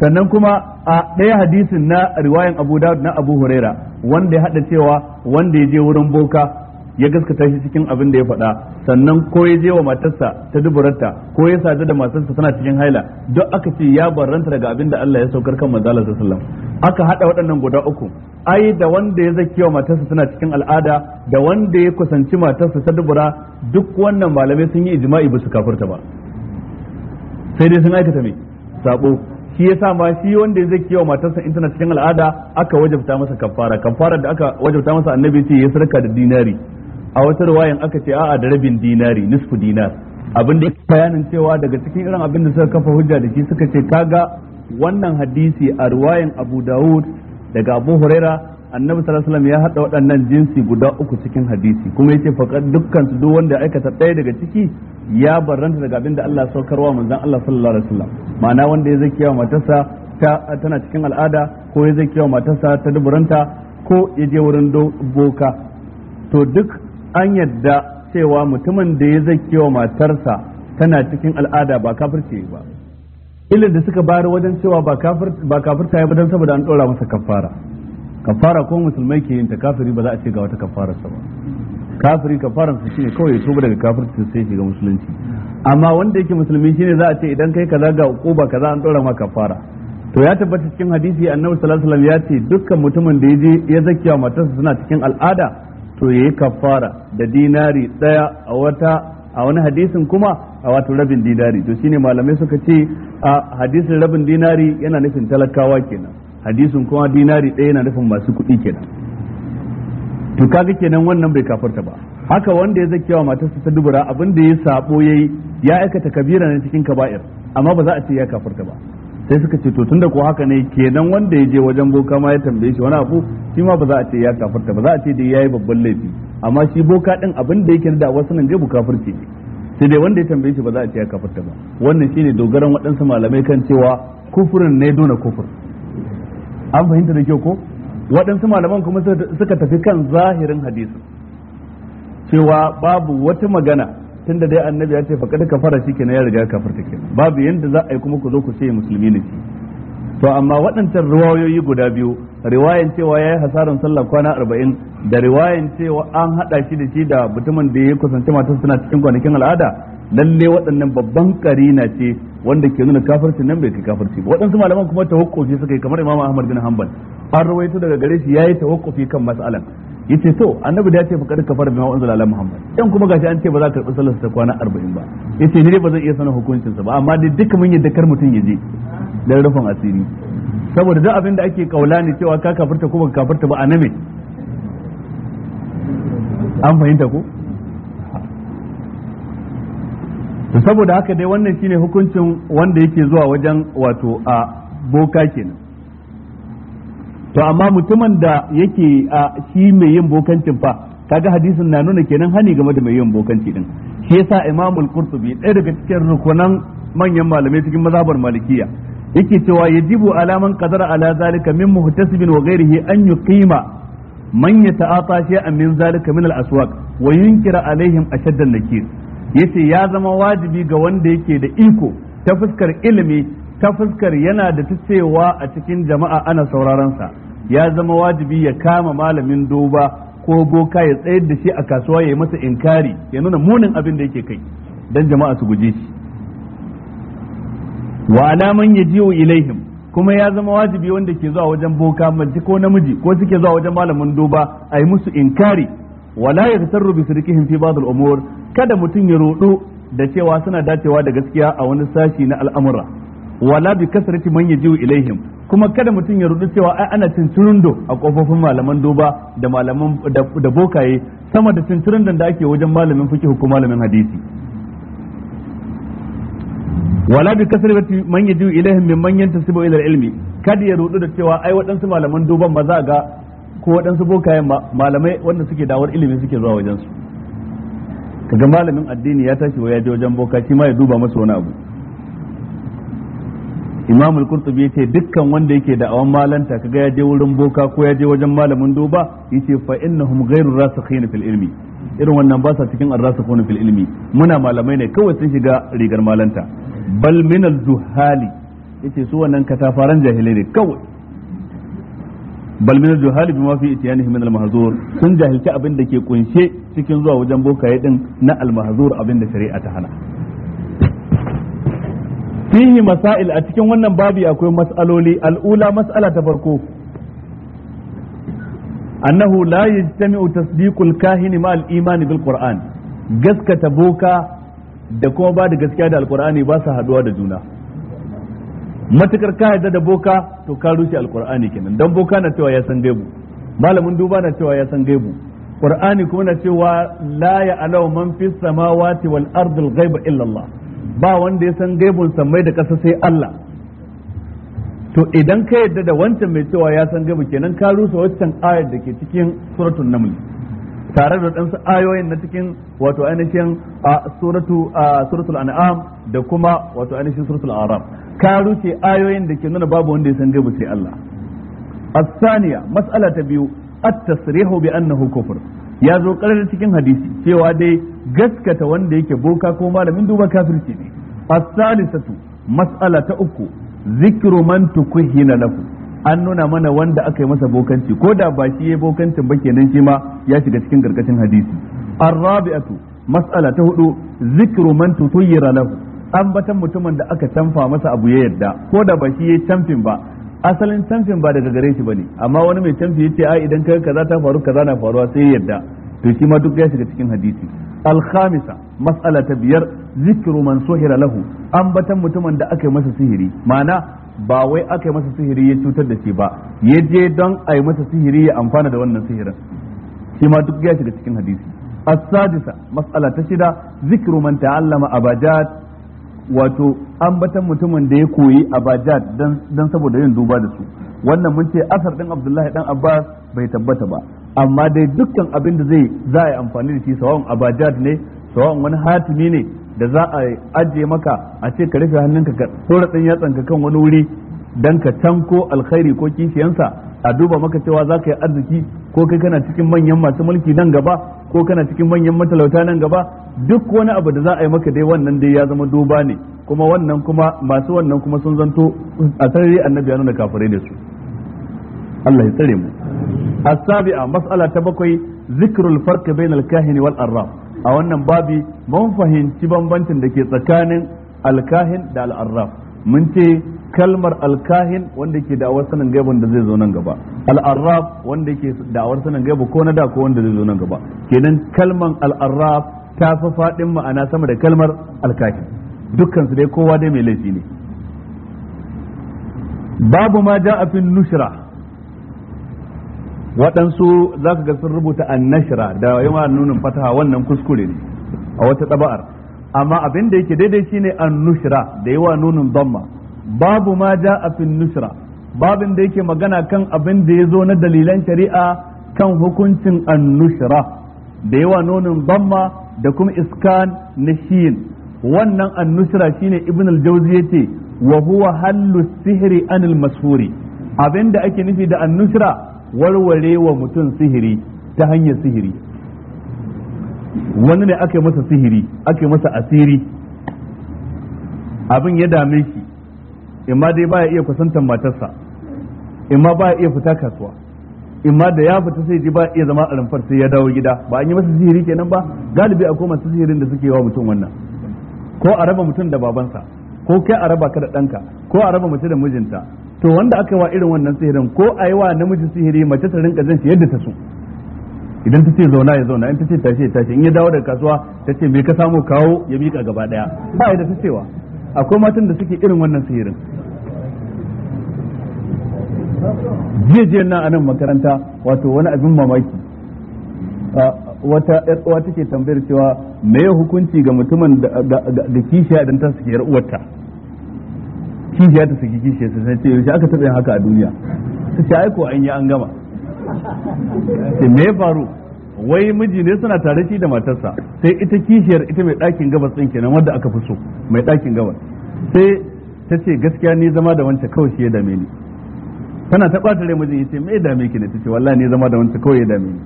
sannan kuma a ɗaya hadisin na riwayan Abu daud na Abu Huraira wanda ya haɗa cewa wanda ya je wurin boka ya gaskata shi cikin abin da ya faɗa sannan ko ya je wa matarsa ta duburarta ko ya sadu da matarsa tana cikin haila duk aka ce ya baranta daga abin da Allah ya saukar kan manzala sallallahu aka haɗa waɗannan guda uku ai da wanda ya zaki wa matarsa tana cikin al'ada da wanda ya kusanci matarsa ta dubura duk wannan malamai sun yi ijma'i ba su kafirta ba sai dai sun aikata me sabo shi yasa ma shi wanda zai kiyawa matarsa in tana cikin al'ada aka wajabta masa kafara kafara da aka wajabta masa annabi ce ya sarka da dinari a wata riwayan aka ce a'a da rabin dinari nisfu dinar abin da bayanin cewa daga cikin irin abin da suka kafa hujja da shi suka ce kaga wannan hadisi a riwayan Abu Dawud daga Abu Huraira annabi sallallahu alaihi wasallam ya hada waɗannan jinsi guda uku cikin hadisi kuma yace ce dukkan su duk wanda aikata ɗaya daga ciki ya barranta daga abin da Allah saukarwa manzon Allah sallallahu alaihi wasallam ma'ana wanda ya zakiya matarsa ta tana cikin al'ada ko ya zakiya matarsa ta duburanta ko ya je wurin boka to duk an yadda cewa mutumin da ya zakiya matarsa tana cikin al'ada ba kafirce ba ilin da suka bayar wajen cewa ba kafir ba kafirta ya badan saboda an dora masa kafara kafara ko musulmai ke yin ta kafiri ba za a ce ga wata kafararsa ba kafiri kafaran su shine kawai ya tuba daga kafirci sai shiga musulunci amma wanda yake musulmi shine za a ce idan kai kaza ga ukuba kaza an dora maka kafara to ya tabbata cikin hadisi annabi sallallahu alaihi ya ce dukkan mutumin da yaje ya zakiya matarsa suna cikin al'ada to yayi kafara da dinari daya a wata a wani hadisin kuma a wato rabin dinari to shine malamai suka ce a hadisin rabin dinari yana nufin talakawa kenan hadisin kuma dinari daya yana nufin masu kuɗi kenan to kaga kenan wannan bai kafarta ba haka wanda ya zakiya wa matarsa ta dubura abin da ya sabo yayi ya aikata kabira ne cikin kaba'ir amma ba za a ce ya kafarta ba sai suka ce to tunda ko haka ne kenan wanda ya je wajen boka ma ya tambaye shi wani abu shi ma ba za a ce ya kafarta ba za a ce dai yayi babban laifi amma shi boka din abin da yake da wasu nan bu kafirci ne sai dai wanda ya tambaye shi ba za a ce ya kafarta ba wannan shine dogaran waɗansu malamai kan cewa kufurin ne dona kufur an fahimta da kyau ko waɗansu malaman kuma suka tafi kan zahirin hadisin cewa babu wata magana tunda dai annabi ya ce ka kafara shi kenan ya riga kafarta kenan babu yadda za a yi kuma ku zo ku ce musulmi ne to amma waɗancan riwayoyi guda biyu riwayan cewa ya yi hasarin sallah kwana arba'in da riwayan cewa an haɗa shi da shi da mutumin da ya kusanci matar suna cikin kwanakin al'ada lalle waɗannan babban karina ce wanda ke nuna kafirci nan bai kai kafirci ba waɗansu malaman kuma tawakkufi suka yi kamar Imam Ahmad bin Hanbal an rawaito daga gare shi yayi tawakkufi kan mas'alan yace to annabi da ya ce fakar kafara bima unzila ala Muhammad dan kuma gashi an ce ba za ka karɓi sallar ta kwana 40 ba ya ce dai ba zan iya sanin hukuncin sa ba amma dai duka mun yadda kar mutun ya je dan rufin asiri saboda duk abin da ake kaula ne cewa ka kafirta ko ba kafirta ba a name an fahimta ko to saboda haka dai wannan shine hukuncin wanda yake zuwa wajen wato a boka kenan to amma mutumin da yake a shi mai yin bokancin fa kaga hadisin na nuna kenan hani game da mai yin bokanci din shi yasa imamul qurtubi ɗaya daga cikin rukunan manyan malamai cikin mazhabar malikiya yake cewa yajibu alaman qadara ala zalika min muhtasibin wa ghairihi an yuqima man yata'ata shay'an min zalika min al-aswaq wa yunkira alaihim ashaddan nakir yace ya zama wajibi ga wanda yake da iko ta fuskar ilimi ta fuskar yana da cewa a cikin jama'a ana sauraron sa ya zama wajibi ya kama malamin doba ko goka ya tsayar da shi a kasuwa ya yi masa inkari ya nuna munin abin da yake kai dan jama'a su guje shi wa alaman yajiu ilaihim kuma ya zama wajibi wanda ke zuwa wajen boka manti ko namiji ko suke zuwa wajen malamin doba a yi musu inkari wala yaghtarru bi sirkihim fi ba'd al-umur kada mutun ya rodo da cewa suna dacewa da gaskiya a wani sashi na al'amura wala bi kasrati man yajiu ilaihim kuma kada mutum ya rodo cewa ai ana cincirindo a kofofin malaman duba da malaman da bokaye sama da cincirindon da ake wajen malamin fiqh ko malamin hadisi wala bi kasrati man yajiu ilaihim mimman yantasibu ila ilmi kada ya rodo da cewa ai waɗansu malaman duban ba za ga ko waɗansu bokayen malamai wanda suke dawar ilimi suke zuwa wajen su kaga malamin addini ya tashi wa ya je wajen boka shi ma ya duba masa wani abu imamul al ya ce dukkan wanda yake da awan malanta kaga ya je wurin boka ko ya je wajen malamin duba yace fa innahum ghairu rasikhin fil ilmi irin wannan ba sa cikin ar fil ilmi muna malamai ne kawai sun shiga rigar malanta bal min al-duhali yace su wannan katafaran jahilai ne kawai bal min al-juhal bima fi ityanihim min al-mahzur sun jahilci abin da ke kunshe cikin zuwa wajen bokaye din na al-mahzur abin da shari'a ta hana fihi masail a cikin wannan babi akwai mas'aloli al-ula mas'ala ta farko annahu la yajtami'u tasdiqul kahin ma al-iman bil qur'an gaskata boka da kuma ba da gaskiya da alqur'ani ba su haduwa da juna matukar ka yarda da boka to ka rushe alqur'ani kenan dan boka na cewa ya san gaibu malamin duba na cewa ya san gaibu qur'ani kuma na cewa la ya alau man fis samawati wal ardi al ghaiba illa Allah ba wanda ya san gaibun samai da kasa sai Allah to idan ka yarda da wancan mai cewa ya san gaibu kenan ka rusa waccan ayar da ke cikin suratul naml tare da ɗansu ayoyin na cikin wato ainihin suratu suratul an'am da kuma wato ainihin suratul aram ka ruce ayoyin da ke nuna babu wanda ya san gaibu sai Allah as-saniya mas'ala ta biyu at-tasrihu bi annahu kufr ya zo karar cikin hadisi cewa dai gaskata wanda yake boka ko malamin duba kafirci ne as-salisatu mas'ala ta uku zikru man na lahu an nuna mana wanda aka yi masa bokanci ko da ba shi ya yi bokancin ba kenan shi ma ya shiga cikin gargashin hadisi arrabi'atu mas'ala ta hudu zikru man tutuyyira lahu ambatan mutumin da aka tamfa masa abu ya yadda ko da ba shi yi tamfin ba asalin tamfin ba daga gare shi ba ne amma wani mai tamfi yace a idan kai kaza ta faru kaza na faruwa sai yadda to shi ma duk ya shiga cikin hadisi alkhamisa mas'ala ta biyar zikru man suhira lahu ambatan mutumin da aka yi masa sihiri ma'ana ba wai aka yi masa sihiri ya cutar da shi ba ya je don a yi masa sihiri ya amfana da wannan sihirin shi ma duk ya shiga cikin hadisi as-sadisa mas'ala ta shida zikru man ta'allama abajat wato ambatan mutumin da ya koyi abajat dan dan saboda yin duba da su wannan mun ce asar din Abdullahi dan Abbas bai tabbata ba amma dai dukkan abin da zai za a yi amfani da shi sawan Abajad ne sawan wani hatimi ne da za a ajiye maka a ce ka rufe hannunka ka tsora yatsan ka kan wani wuri dan ka tanko alkhairi ko kishiyansa a duba maka cewa za ka yi arziki ko kai kana cikin manyan masu mulki nan gaba ko kana cikin manyan matalauta nan gaba duk wani abu da za a yi maka dai wannan dai ya zama duba ne kuma wannan kuma masu wannan kuma sun zanto a sarari annabi ya nuna kafirai da su Allah ya tsare mu as-sabi'a mas'ala ta bakwai zikrul farq bainal kahini wal arraf a wannan babi mun fahimci bambancin da ke tsakanin alkahin da al'arraf mun ce kalmar alkahin wanda ke da'awar sanin gaibin da zai zo nan gaba al'arraf wanda ke da'awar sanin gaibu ko na da ko wanda zai zo nan gaba kenan kalmar al'arraf ta fi faɗin ma'ana sama da kalmar alkahin dukkan su dai kowa dai mai laifi ne babu ma ja'a fi nushra waɗansu za ka ga sun rubuta nashira da yawa nunin fataha wannan kuskure ne a wata taba'ar amma abin da yake daidai shine nushira da yawa nunin damma babu ma ja a fin nushira babin da yake magana kan abin da ya zo na dalilan shari'a kan hukuncin nushira da yawa nunin bamma da kuma iskan na shiyin wannan annushra shine ibn al-jawzi yace wa huwa hallu sihri anil masfuri abin da ake nufi da annushra warware wa mutum sihiri ta hanyar sihiri wani ne aka masa sihiri ake masa asiri abin ya dame shi imma dai baya iya kusantar matarsa imma baya iya fita kasuwa imma da ya fita sai ji ba iya zama a rumfar sai ya dawo gida ba an yi masa sihiri kenan ba galibi akwai masu sihirin da suke wa mutum wannan ko a raba mutum da babansa ko kai a raba ka da ɗanka ko a raba mace da mijinta to wanda aka wa irin wannan sihirin ko a yi wa namiji sihiri mace ta rinka jin shi yadda ta so idan ta ce zauna ya zauna in ta ce tashi ya tashi in ya dawo daga kasuwa ta ce me ka samu kawo ya mika gaba daya ba ya da ta cewa akwai matan da suke irin wannan sihirin jiya jiya na anan makaranta wato wani abin mamaki ah, wata uwa take tambayar cewa me ya hukunci ga mutumin da kishiya idan ta suke yar uwarta kishiya ta saki kishiya sai ce yaushe aka taɓa haka a duniya su ce aiko an yi an gama ce me ya faru wai miji ne suna tare shi da matarsa sai ita kishiyar ita mai ɗakin gabas ɗin kenan wanda aka fi so mai ɗakin gabas sai ta ce gaskiya ni zama da wancan kawai shi ya dame ni tana ta ɓata rai mijin ce me ya dame ki ne ta ce wallahi ni zama da wancan kawai ya dame ni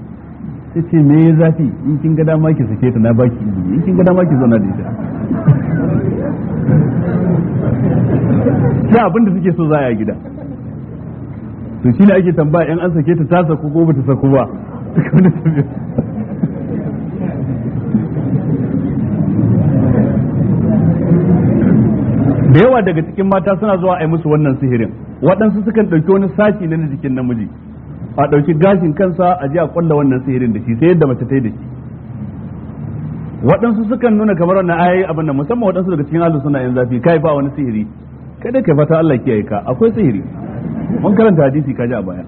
sai ce me ya zafi in kin ga dama ki sake ta na baki in kin ga dama ki zauna da ita sai abin da suke so za a gida to shi ne ake tambaya in an sake ta ta saku ko bata saku ba da yawa daga cikin mata suna zuwa a yi musu wannan sihirin waɗansu sukan ɗauki wani sashi na jikin namiji a ɗauki gashin kansa a ji a ƙwalla wannan sihirin da shi sai yadda mace ta yi da shi waɗansu sukan nuna kamar wannan ayoyi abin da musamman waɗansu daga cikin halin suna yin zafi kai fa wani sihiri kai dai kai fata Allah kiyaye ka akwai sihiri mun karanta hadisi ka ji a baya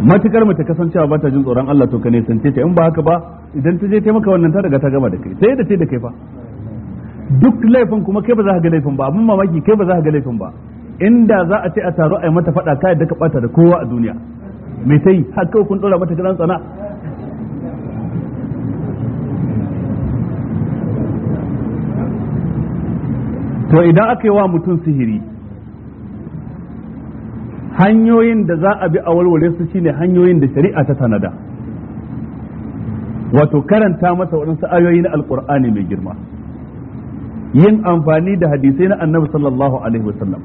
matukar mace kasancewa ba ta jin tsoron Allah to ka ne sance ta in ba haka ba idan ta je ta maka wannan ta daga ta gama da kai sai da yi da kai fa duk laifin kuma kai ba za ka ga laifin ba abin mamaki kai ba za ka ga laifin ba inda za a ce a taro a yi mata faɗa ka da ka ɓata da kowa a duniya me ta har kawai kun ɗora mata gidan tsana to idan aka yi wa mutum sihiri hanyoyin da za a bi a walwale su shine hanyoyin da shari'a ta tanada wato karanta masa waɗansu ayoyi na alkur'ani mai girma yin amfani da hadisai na annabi sallallahu alaihi wasallam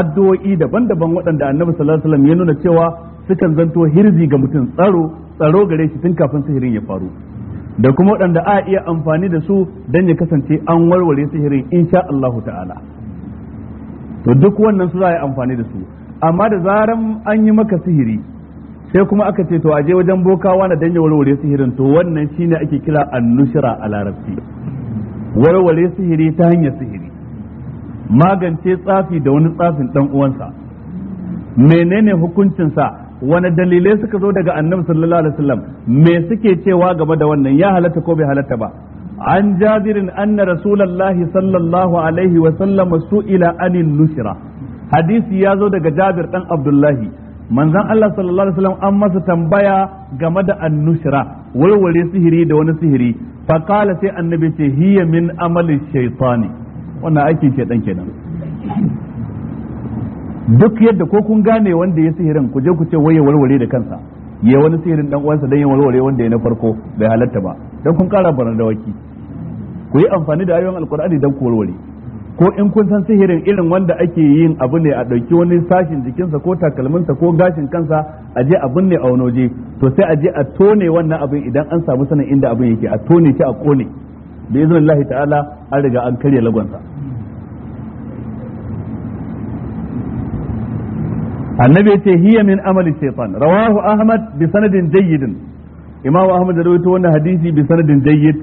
addu'o'i daban-daban waɗanda annabi sallallahu alaihi wasallam ya nuna cewa sukan zanto hirzi ga mutum tsaro tsaro gare shi tun kafin sihirin ya faru da kuma waɗanda a iya amfani da su dan ya kasance an warware sihirin insha Allah ta'ala to duk wannan su za a yi amfani da su amma da zaran an yi maka sihiri sai kuma aka ce to aje wajen bokawa na dan ya warware sihirin to wannan shine ake kira annushra a larabci warware sihiri ta hanyar sihiri magance tsafi da wani tsafin dan uwansa menene hukuncinsa wani dalilai suka zo daga annabi sallallahu alaihi wasallam me suke cewa game da wannan ya halatta ko bai halatta ba an jabirin anna rasulullahi sallallahu alaihi wasallam su'ila anil nushra hadisi ya zo daga jabir dan abdullahi manzan Allah sallallahu alaihi wasallam an masa tambaya game da annushra warware sihiri da wani sihiri fa qala sai annabi ce hiya min amali shaytani wannan aikin dan kenan duk yadda ko kun gane wanda ya sihirin ku je ku ce waye walwale da kansa ya wani sihirin dan uwansa dan ya walwale wanda ya na farko bai halatta ba dan kun kara barar da waki ku yi amfani da ayoyin alkur'ani dan ku walwale ko in kun san sihirin irin wanda ake yin abu ne a ɗauki wani sashin jikinsa ko takalminsa ko gashin kansa a je abin ne a wani waje to sai a je a tone wannan abin idan an samu sanin inda abin yake a tone shi a kone da izinin Allah ta'ala an riga an karya lagonsa annabi yace hiya min amali shaytan rawahu ahmad bi sanadin jayyidin Imam ahmad da rawaito wannan hadisi bi sanadin jayyid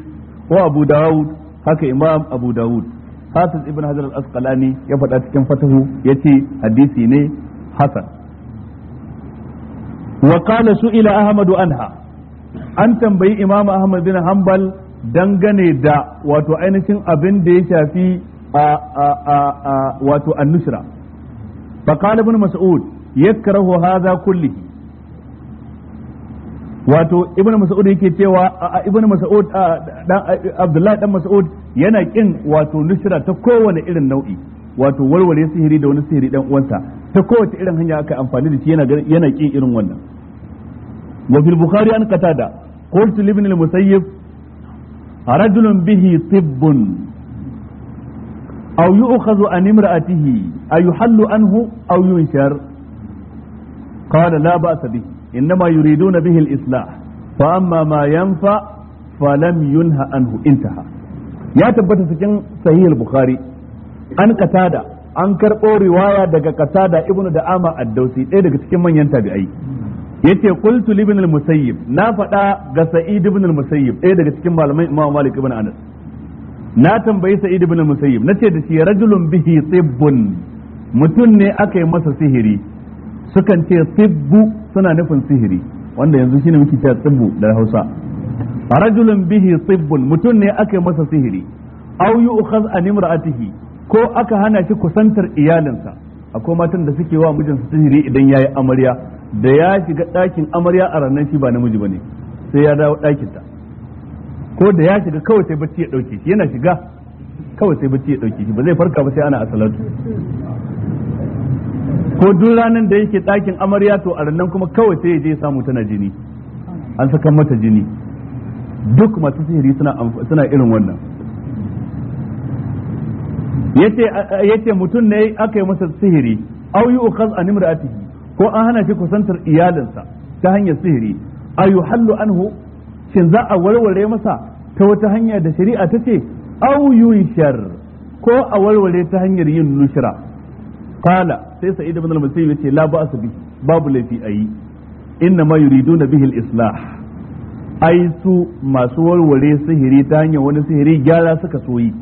ko abu Dawud haka imam abu Dawud. hafiz ibn hajar al-asqalani ya faɗa cikin fatahu yace hadisi ne hasan wa qala su'ila ahmad anha an tambayi Imam ahmad bin hanbal dangane da wato ainihin abin da ya shafi a wato annusra fa qala ibn mas'ud yakrahu hadha kulli. wato ibn mas'ud yake cewa ibn mas'ud dan abdullahi dan mas'ud yana kin wato nusra ta kowane irin nau'i wato warware sihiri da wani sihiri dan uwansa ta kowace irin hanya aka amfani da shi yana yana kin irin wannan wa fil bukhari an qatada qultu ibn al-musayyib rajulun bihi tibbun aw yu'khadhu an imra'atihi ayuhallu anhu aw yunshar qala la ba'sa bihi innama yuriduna bihi al-islah fa amma ma yanfa falam yunha anhu intaha ya tabbatar cikin sahih al-bukhari an katada an karɓo riwaya daga ƙasada, ibnu da ad Addausi, ɗaya daga cikin manyan tabi'ai yace qultu li ibn al-musayyib na faɗa ga sa'id ibn al-musayyib ɗaya daga cikin malamai imam malik ibn anas na tambayi sa'id ibn al-musayyib nace da shi rajulun bihi tibbun mutum ne aka masa sihiri sukan ce tibbu suna nufin sihiri wanda yanzu shine muke cewa tibbu da Hausa rajulun bihi tibbun mutum ne aka yi masa sihiri aw yu'khadh an imra'atihi ko aka hana shi kusantar iyalinsa akwai matan da suke wa mijinsu sihiri idan yayi amarya da ya shiga ɗakin amarya a ranar shi ba namiji ba ne sai ya dawo ɗakin ta ko da ya shiga kawai sai bacci ya ɗauke shi yana shiga kawai sai bacci ya ɗauke shi ba zai farka ba sai ana asalatu ko duk ranar da yake ɗakin amarya to a ranar kuma kawai sai ya je samu tana jini an saka mata jini duk masu sihiri suna irin wannan yace mutum ne aka yi masa sihiri au yi ukaz an ko an hana shi kusantar iyalinsa ta hanyar sihiri ayu hallu hu shin za a warware masa ta wata hanya da shari'a ta ce au shar ko a warware ta hanyar yin nushra kala sai sa'id ibn ya ce yace la su bi babu laifi a yi. inna ma yuri, bihil isla islah ai su masu warware sihiri ta hanyar wani sihiri gyara suka soyi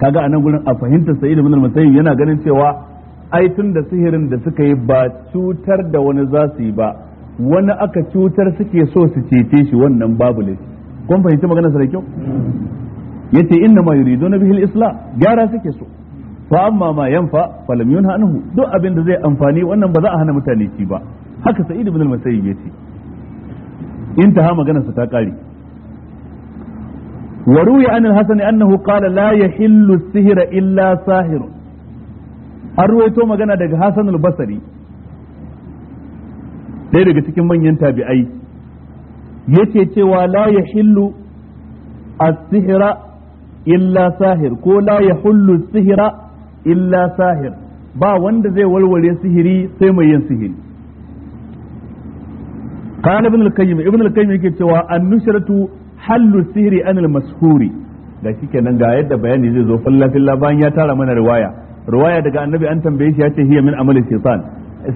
kaga anan gurin a fahimtar sa'i da al yana ganin cewa ai tun da sihirin da suka yi ba cutar da wani za su yi ba wani aka cutar suke so su cece shi wannan babu ne kun fahimci magana sa da kyau yace inna ma yuriduna bihi hil islah gyara suke so fa amma ma yanfa falam yunha anhu duk abin da zai amfani wannan ba za a hana mutane ci ba haka sa'id ibn al-musayyib yace ta magana sa ta kare وروي عن الحسن أنه قال لا يحل السهر إلا ساهر an ruwaito magana daga Hassan al-Basri ɗaya daga cikin manyan tabi'ai yace cewa la ya hillu as-sihra illa sahir ko la yahullu as-sihra illa sahir ba wanda zai walware sihiri sai mai yin sihiri قال ابن القيم ابن القيم yake cewa an-nushratu hallu sihri an al-mashhuri da kenan ga yadda bayani zai zo falla filla bayan ya tara mana riwaya ruwaya daga annabi an tambaye shi ya ce hiya min amali shaitan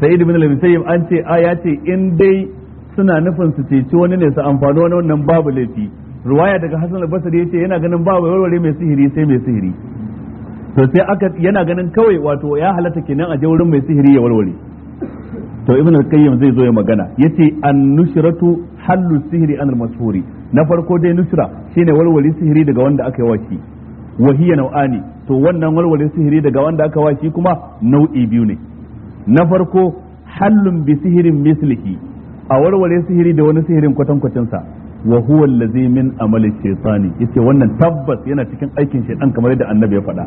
sa'id ibn al-musayyib an ce a ya ce in dai suna nufin su ceci wani ne su amfani wani wannan babu laifi ruwaya daga hasan al-basri yace yana ganin babu warware mai sihiri sai mai sihiri to sai aka yana ganin kawai wato ya halatta kenan a je mai sihiri ya warware to ibn al-qayyim zai zo ya magana yace an-nushratu hallu sihiri al mashhuri na farko dai nusra shine warware sihiri daga wanda aka yi waki wa hiya nau'ani to wannan walwale sihiri daga wanda aka wa shi kuma nau'i biyu ne na farko hallun bi sihirin mislihi a warware sihiri da wani sihirin kwatan sa wa huwa allazi min amali shaytani yace wannan tabbas yana cikin aikin shaytan kamar yadda annabi ya faɗa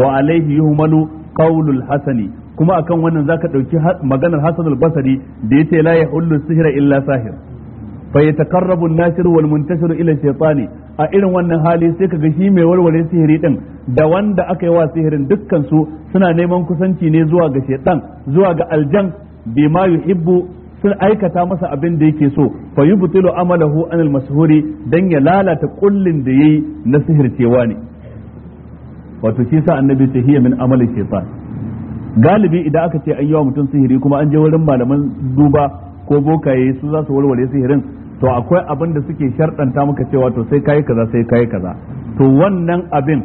wa alaihi yuhmalu qawlul hasani kuma akan wannan zaka dauki maganar hasan Basari da yace la yahullu sihira illa sahir fa yatakarrabu an-nasir wal muntasir ila shaytani a irin wannan hali sai kaga shi mai warware sihiri din da wanda aka yi wa sihirin dukkan su suna neman kusanci ne zuwa ga shaytan zuwa ga aljan ma yuhibbu sun aikata masa abin da yake so fa yubtilu amalahu anil mashhuri dan ya lalata kullin da yayi na sihircewa ne wato shi sa annabi ta hiya min amali shaytan galibi idan aka ce an yi wa mutum sihiri kuma an je wurin malaman duba ko bokaye su za su warware sihirin to akwai abin da suke sharɗanta maka cewa to sai kayi kaza sai kayi kaza to wannan abin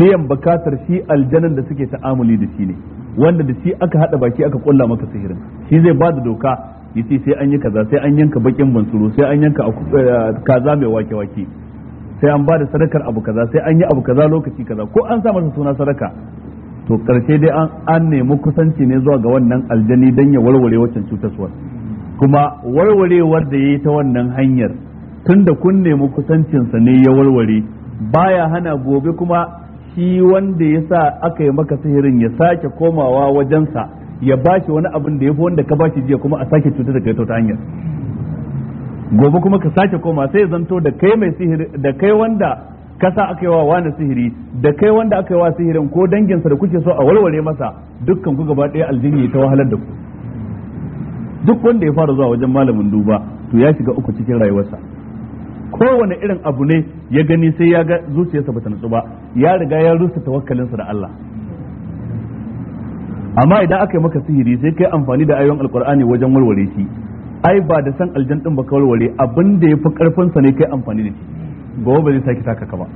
biyan bukatar shi aljanan da suke ta'amuli da shi ne wanda da shi aka haɗa baki aka kulla maka sihirin shi zai ba da doka yace sai an yi kaza sai an yanka bakin bansuru sai an yanka eh, kaza mai wake wake sai an ba da sadakar abu kaza sai an yi abu kaza lokaci kaza ko an sa masa suna sadaka to karshe dai an nemi kusanci ne zuwa ga wannan aljani dan ya warware wancan cutarwar kuma warwarewar da ya yi ta wannan hanyar tun da kun nemi kusancinsa ne ya warware baya hana gobe kuma shi wanda ya sa aka yi maka sihirin ya sake komawa wajensa ya bashi wani abin da ya fi wanda ka bashi jiya kuma a sake cutar da kai ta hanyar gobe kuma ka sake koma sai zanto da kai mai sihiri da kai wanda ka sa aka yi wa wani sihiri da kai wanda aka yi wa sihirin ko danginsa da kuke so a warware masa dukkan ku gaba ɗaya aljini ta wahalar da ku duk wanda ya fara zuwa wajen malamin duba to ya shiga uku cikin rayuwarsa kowane irin abu ne ya gani sai ya ga zuciyarsa bata nutsu ba ya riga ya rusa tawakkalinsa da Allah amma idan aka yi maka sihiri sai kai amfani da ayoyin alkur'ani wajen warware shi ai ba da san aljan din baka warware abin da yafi karfin sa ne kai amfani da shi gobe ba zai saki taka ka ba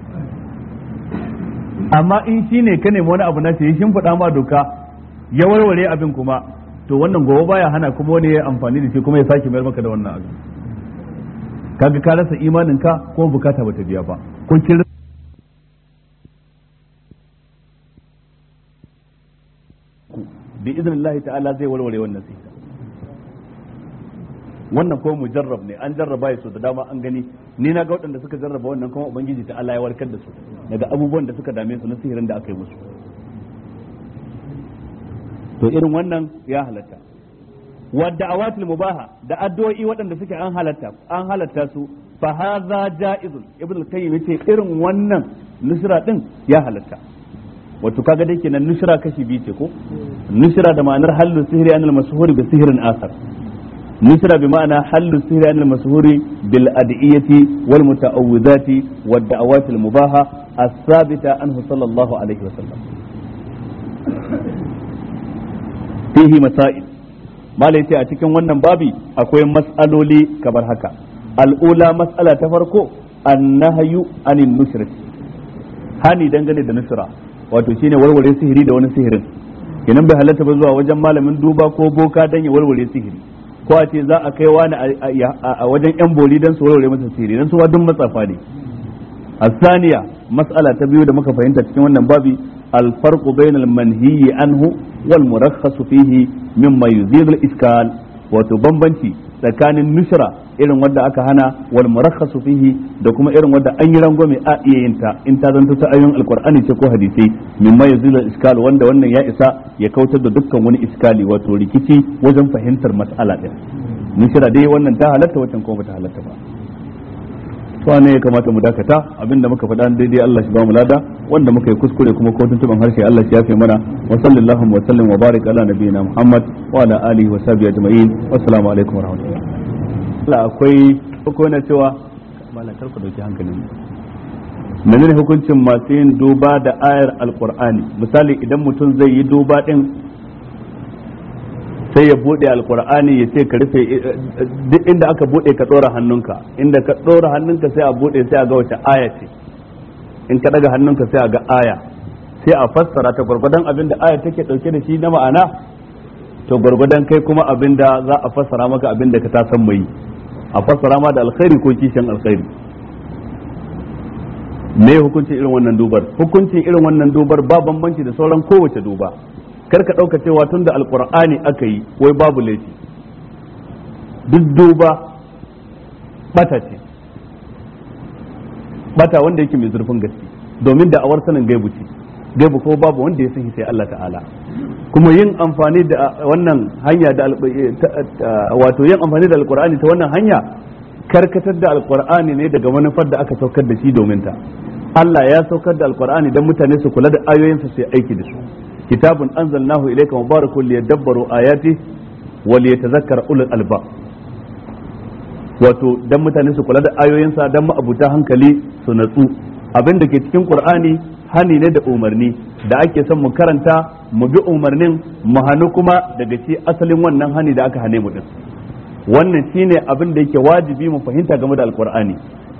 amma in shine ka nemi wani abu na shi shin faɗa ma doka ya warware abin kuma to wannan gobe baya hana kuma wani ya amfani da shi kuma ya sake mayar maka da wannan abu kaga ka rasa imanin ka ko bukata bata biya ba ko kin bi iznillahi ta'ala zai warware wannan sai wannan ko mujarrab ne an jarraba su da dama an gani ni na ga waɗanda suka jarraba wannan kuma ubangiji ta'ala ya warkar da su daga abubuwan da suka dame su na sihirin da aka yi musu to irin wannan ya halatta wadda awatul mubaha da addu'o'i waɗanda suke an halatta an halatta su fa hadha jaizun ibnu kayyim yace irin wannan nusra din ya halatta wato kaga dai kenan nusra kashi biyu ce ko nusra da ma'anar hallu sihri anil mashhur bi sihrin akhar nusra bi ma'ana hallu sihri anil mashhur bil adiyati wal muta'awwidati wad da'awatil mubaha as-sabita anhu sallallahu alaihi sallam. fihi masail ce a cikin wannan babi akwai mas'aloli kamar haka al'ula mas'ala ta farko annahyu anin nusrat hani dangane da nusra wato shine warware sihiri da wani sihirin idan bai halatta ba zuwa wajen malamin duba ko boka dan ya warware sihiri ko a ce za a kai wani a wajen yan boli dan su warware masa sihiri dan su duk matsafa ne asaniya mas'ala ta biyu da muka fahimta cikin wannan babi الفرق بين المنهي عنه والمرخص فيه مما يزيل الإشكال وتبنبنتي tsakanin nushra irin wadda aka hana wal murakhasu fihi da kuma irin wadda an yi rangwame a iya yin in ta zanto ta ayoyin alqur'ani ce ko hadisi mimma yazilul iskal wanda wannan ya isa ya kautar da dukkan wani iskali wato rikici wajen fahimtar mas'ala din nushra dai wannan ta halatta wancan ko bata halarta ba kwana ya kamata mu dakata abinda muka faɗa daidai Allah shi ba mu lada wanda muka yi kuskure kuma ko tuntuban harshe Allah shi yafe mana wa sallallahu wa sallam wa barik ala nabiyina Muhammad wa ala alihi wa sahbihi ajma'in assalamu alaikum wa rahmatullahi Allah akwai ko na cewa malakar ku dauki hankali menene hukuncin masu yin duba da ayar alqur'ani misali idan mutum zai yi duba din sai ya bude alkur'ani ya ce ka rufe eh, duk inda aka bude ka tsora hannunka inda ka tsora hannunka sai a bude sai a ga wata aya ce in ka daga hannunka sai a ga aya sai a fassara ta gwargwadon abinda aya take dauke da shi na ma'ana to gwargwadon kai kuma abinda za a fassara maka abinda ka ta san mai a fassara ma da alkhairi ko kishin alkhairi me hukuncin irin wannan dubar hukuncin irin wannan dubar ba bambanci da sauran kowace duba kar ka ɗauka cewa tun da Alƙur'ani aka yi wai babu laifi duk duba bata ce bata wanda yake mai zurfin gaske domin da awar sanin gaibu ce gaibu ko babu wanda ya sahi sai Allah ta'ala kuma yin amfani da wannan hanya da eh, wato yin amfani da Alƙur'ani ta wannan hanya karkatar da alkur'ani ne daga manufar da aka saukar da shi domin ta Allah ya saukar da alkur'ani don mutane su kula da ayoyinsa sai aiki da su kitabun anzalnahu إليك مبارك ليدبروا ayati وليتذكر liyatadhakkara ulul wato dan mutane su kula da ayoyinsa dan ma'abuta hankali su natsu abin da ke cikin qur'ani hani ne da umarni da ake son mu karanta mu bi umarnin mu hannu kuma daga ci asalin wannan hani da aka hane mu din wannan shine abin da yake wajibi mu fahimta game da alqur'ani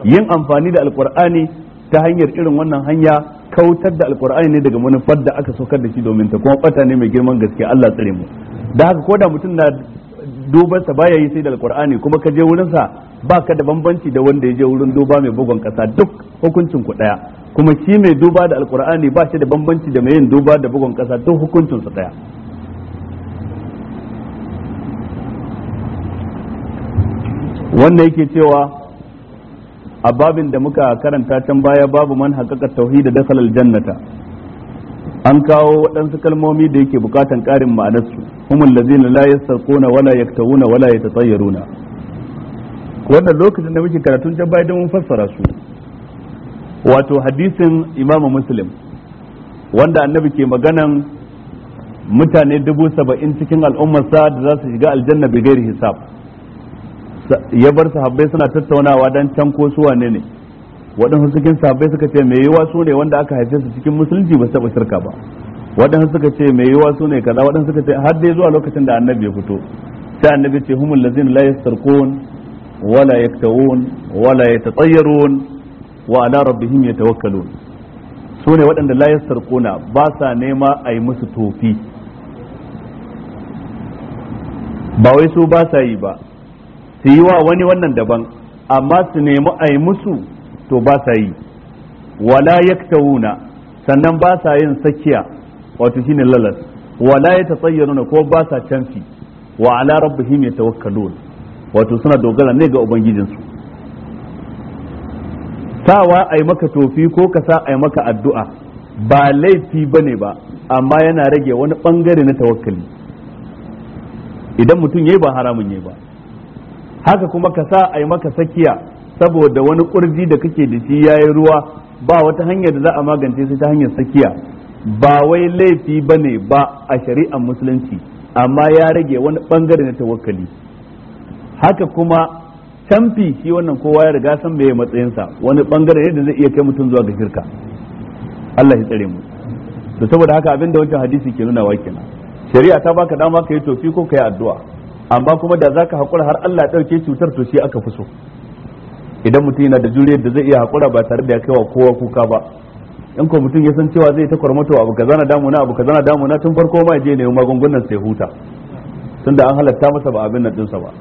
yin amfani da alqur'ani ta hanyar irin wannan hanya kautar da alkur'ani ne daga manufar da aka saukar da shi domin ta kuma bata ne mai girman gaske Allah tsare mu da haka ko da mutum na duban ba ya yi sai da alkur'ani kuma ka je wurin ba ka da bambanci da wanda ya je wurin duba mai bugun kasa duk hukuncin ku daya kuma shi mai duba da alkur'ani ba shi da bambanci da mai yin duba da bugun kasa duk hukuncin su daya wannan yake cewa a babin da muka karanta can baya babu man haƙaƙa tauhi da dakhala jannata an kawo waɗansu kalmomi da yake buƙatan ƙarin ma'anarsu humul lazina la na wala yaktawuna wala yatatayyaruna wannan lokacin da muke karatun can baya don mun fassara su wato hadisin Imam Muslim wanda annabi ke maganan mutane dubu saba'in cikin al'ummarsa da za su shiga aljanna bi gairi hisab ya bar sahabbai suna tattaunawa dan can ko su wane ne waɗansu cikin sahabbai suka ce mai yiwa su ne wanda aka haife su cikin musulunci ba su taɓa shirka ba waɗansu suka ce mai yiwa su ne kaza waɗansu suka ce har dai zuwa lokacin da annabi ya fito sai annabi ce humul lazina la yastarqun wala yaktawun wala yatatayyarun wa ala rabbihim yatawakkalun su ne waɗanda la yastarquna ba sa nema a yi musu tofi ba wai su ba sa yi ba su yi wa wani wannan daban amma su nemi a yi musu to ba sa yi wala yaktawuna sannan ba sa yin sakiya wato shine lalas wala ya yatatayyaruna ko ba sa canfi wa ala rabbihim yatawakkalun wato suna dogara ne ga ubangijinsu sawa yi maka tofi ko ka sa a yi maka addu'a ba laifi ba ne ba amma yana rage wani ɓangare na tawakkali idan mutum yayi ba haramun ne ba haka kuma ka sa a yi maka sakiya saboda wani kurji da kake da shi ya yi ruwa ba wata hanyar da za a magance sai ta hanyar sakiya ba wai laifi ba ne ba a shari'ar musulunci amma ya rage wani bangare na tawakkali haka kuma canfi shi wannan kowa ya riga san meye matsayinsa wani bangare ne da zai iya kai mutum zuwa ga shirka Allah ya tsare mu to saboda haka abin da wancan hadisi ke nuna wa kenan shari'a ta baka dama ka yi tofi ko ka yi addu'a amma kuma da zaka hakura har Allah ya dauke cutar to shi aka fi so idan mutum yana da juriyar da zai iya hakura ba tare da ya wa kowa kuka ba in ko mutum ya san cewa zai ta kwarmato abu kaza na na abu kaza na na tun farko ma je ne magungunan sai huta tunda an halatta masa ba abin nan dinsa ba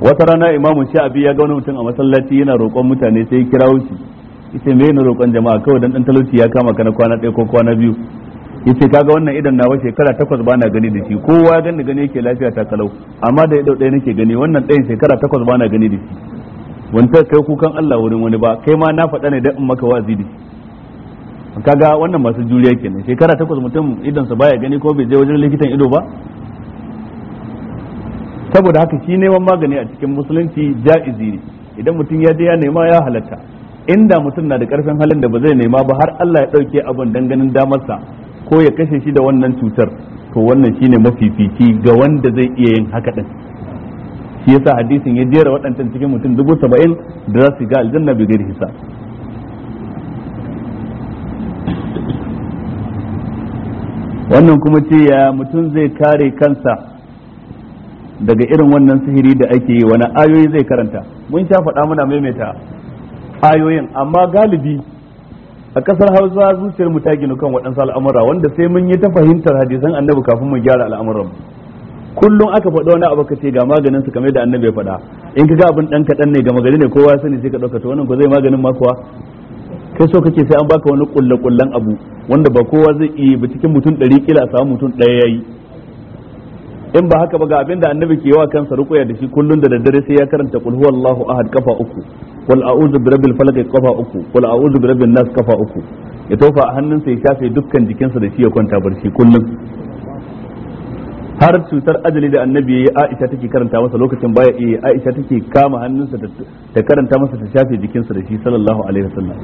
wata rana imamun abi ya ga wani mutum a masallaci yana roƙon mutane sai ya kirawo shi yace me ne roƙon jama'a kawai dan dan talauci ya kama ka kwana ɗaya ko kwana biyu yace kaga wannan idan nawa shekara takwas bana gani da shi kowa ya gani gani yake lafiya ta kalau amma da ido ɗaya nake gani wannan ɗayan shekara takwas bana gani da shi wanta kai kukan Allah wurin wani ba kai ma na faɗa ne da in maka wazi da shi kaga wannan masu juriya kenan shekara takwas mutum idan sa baya gani ko bai je wajen likitan ido ba saboda haka shi neman magani a cikin musulunci ja'izi ne idan mutum ya je ya nema ya halatta inda mutum na da karfin halin da ba zai nema ba har Allah ya dauke abin danganin damarsa ko ya kashe shi da wannan cutar to wannan shine mafifici ga wanda zai iya yin haka din shi yasa hadisin ya jera waɗancan cikin mutum dubu saba'in da za su ga aljanna bi gairi hisab wannan kuma ce ya mutum zai kare kansa daga irin wannan sihiri da ake yi wani ayoyi zai karanta mun sha faɗa muna maimaita ayoyin amma galibi a kasar hausa zuciyar mu ta ginu kan waɗansu al'amura wanda sai mun yi ta fahimtar hadisan annabi kafin mu gyara al'amuran kullum aka faɗa wani abu ka ce ga maganin su kamar da annabi ya faɗa in ka ga abin ɗan kaɗan ne ga magani ne kowa sani sai ka ɗauka to wannan ko zai maganin ma kuwa kai so kake sai an baka wani kulle kullen abu wanda ba kowa zai iya ba cikin mutum ɗari kila a samu mutum ɗaya ya yi? in ba haka ba ga abin da annabi ke yawa kansa rukuya da shi kullum da daddare sai ya karanta kul ahad kafa uku kul a'udhu rabbil falaq kafa uku kul a'udhu rabbin nas kafa uku ya tofa a hannunsa ya shafe dukkan jikinsa da shi ya kwanta barci kullum har cutar ajali da annabi ya yi aisha take karanta masa lokacin baya iya eh, aisha take kama hannunsa ta karanta masa ta shafe jikinsa da shi sallallahu alaihi wasallam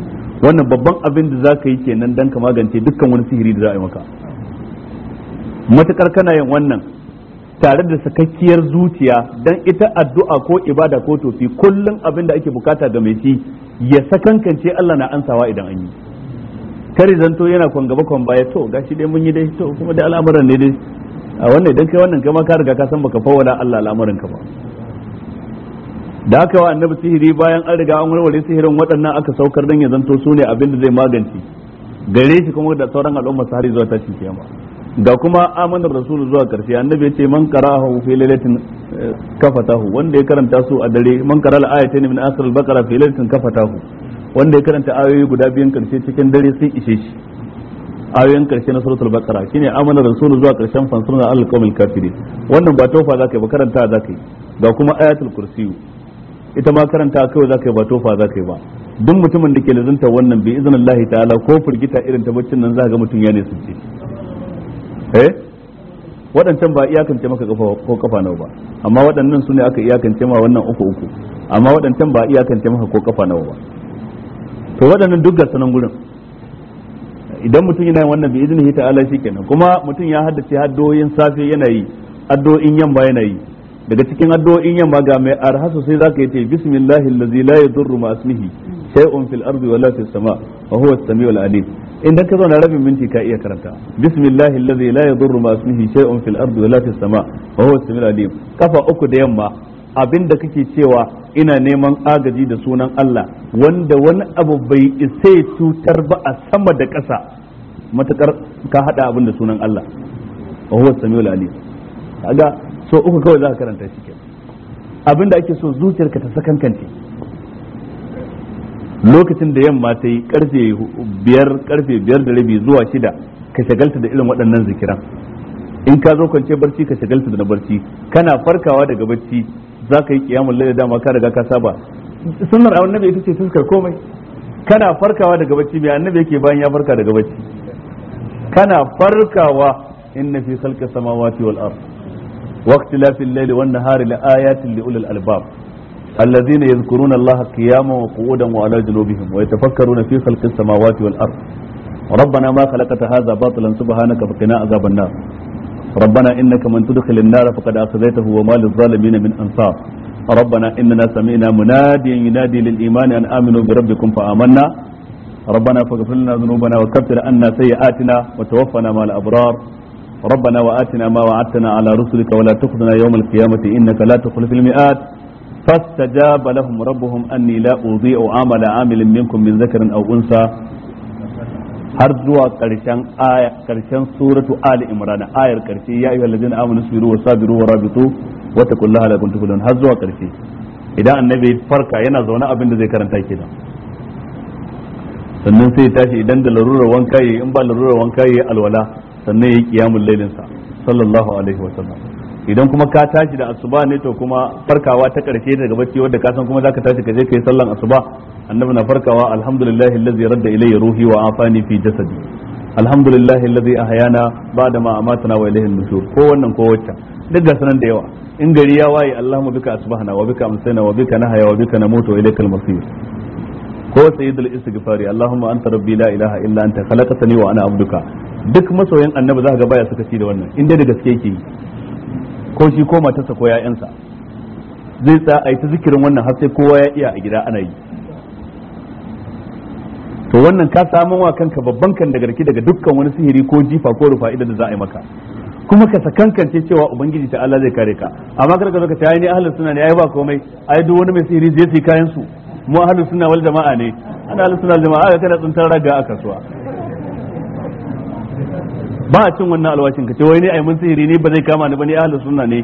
wannan babban abin da zaka yi kenan dan ka magance dukkan wani sihiri da za a yi maka matukar kana yin wannan tare da sakakkiyar zuciya dan ita addu'a ko ibada ko tofi kullum abin da ake bukata ga mai shi ya sakankance Allah na ansawa idan an yi kare zanto yana kwan gaba kwan baya to gashi dai mun yi dai to kuma da al'amuran ne dai a wannan idan kai wannan kai ma ka ka san baka fawwala Allah al'amuran ka ba da haka wa annabi sihiri bayan an riga an warware sihirin waɗannan aka saukar dan ya zanto su ne abin da zai magance gare shi kuma da sauran al'umma su har zuwa tashin kiyama ga kuma amanar rasul zuwa karshe annabi ce man qara'ahu fi lailatin eh, kafatahu wanda ya karanta su a dare man qara al-ayatayn min asr al-baqara fi lailatin kafatahu wanda ya karanta ayoyi guda biyan karshe cikin dare sai ishe shi ayoyin karshe na suratul baqara shine amanar rasul zuwa karshen fansurun al-qawmil kafirin wannan ba tofa zakai ba karanta zakai ga kuma ayatul kursi ita ma karanta kawai zakai ba tofa zakai ba duk mutumin da ke lazanta wannan bi iznillahi ta'ala ko firgita irin ta baccin nan za ga mutum ya ne sunce eh waɗancan ba iyakance maka kafa ko kafa nawa ba amma waɗannan su ne aka iyakance ma wannan uku uku amma waɗancan ba iyakance maka ko kafa nawa ba to waɗannan duk ga sanan gurin idan mutum yana yin wannan bi iznihi ta'ala kenan, kuma mutum ya haddace haddoyin safe yana yi addo'in yamma yana yi daga cikin addo'in yamma ga mai arhasu sosai zaka yi ta bismillahil ladzi la yadurru ma ismihi shay'un fil ardi wala fis sama wa huwa as-sami'ul alim dan ka zauna rabin minti ka iya karanta bismillahi allazi la yadurru ma ismihi shay'un fil ardi wa la fis sama wa huwa as-sami'ul alim kafa uku da yamma abinda kake cewa ina neman agaji da sunan Allah wanda wani abu bai isa cutar ba a sama da ƙasa matakar ka hada abin da sunan Allah wa huwa as-sami'ul alim kaga so uku kawai za ka karanta shi kenan abinda ake so zuciyarka ta sakankance lokacin da yamma ta yi karfe biyar karfe biyar da rabi zuwa shida ka shagalta da irin waɗannan zikiran in ka zo kwance barci ka shagalta da na barci kana farkawa daga barci za ka yi kiyamun laila dama ka riga ka saba sunnar annabi ita ce fuskar komai kana farkawa daga barci mai annabi yake bayan ya farka daga barci kana farkawa inna fi khalqis samawati wal ard waqtilafil layli wan nahari la ayatin li ulil albab الذين يذكرون الله قياما وقعودا وعلى جنوبهم ويتفكرون في خلق السماوات والارض ربنا ما خلقت هذا باطلا سبحانك فقنا عذاب النار ربنا انك من تدخل النار فقد اخذيته وما للظالمين من انصار ربنا اننا سمعنا مناديا ينادي للايمان ان امنوا بربكم فامنا ربنا فاغفر لنا ذنوبنا وكفر عنا سيئاتنا وتوفنا مع الابرار ربنا واتنا ما وعدتنا على رسلك ولا تخذنا يوم القيامه انك لا تخلف المئات فاستجاب لهم ربهم أني لا أضيع عمل عامل منكم من ذكر أو أنثى har zuwa karshen aya karshen suratu ali imran ayar karshe ya ayyuhal ladina amanu sabiru wa sabiru wa rabitu wa taqullaha la kuntum tuflihun har zuwa karshe idan annabi farka yana zaune abin da zai karanta kenan sannan sai tashi idan da larurar wanka yayi in ba larurar wanka yayi alwala sannan yayi qiyamul lailin sa sallallahu alaihi wa sallam idan kuma ka tashi da asuba ne to kuma farkawa ta karshe daga bacci wanda ka san kuma zaka tashi ka je kai sallan asuba annabi na farkawa alhamdulillahi allazi radda ilayya ruhi wa afani fi jasadi alhamdulillahi allazi ahyana ba'da ma amatana wa ilayhi nushur ko wannan ko wacce duk ga sanan da yawa in gari ya waye allahumma bika asbahna wa bika amsayna wa bika nahaya wa bika namutu wa ilaykal masir ko sayyidul istighfari allahumma anta rabbi la ilaha illa anta khalaqtani wa ana abduka duk masoyan annabi zaka ga baya suka ci da wannan in dai da gaske yake ko shi ko matarsa ko ya'yansa zai tsaya a yi ta zikirin wannan har sai kowa ya iya a gida ana yi to wannan ka samu wa kanka babban kan daga daga dukkan wani sihiri ko jifa ko rufa idan da za a yi maka kuma ka sakankance cewa ubangiji ta Allah zai kare ka amma kada ka zo ka ta ai ni ahlus sunna ne ai ba komai ai duk wani mai sihiri zai yi kayan su mu ahlus sunna wal jama'a ne ana ahlus sunna wal jama'a kana tsuntar raga a kasuwa ba a cin wannan alwashin ka ce wai ne ai mun sihiri ne ba zai kama ni ba ni ahlus sunna ne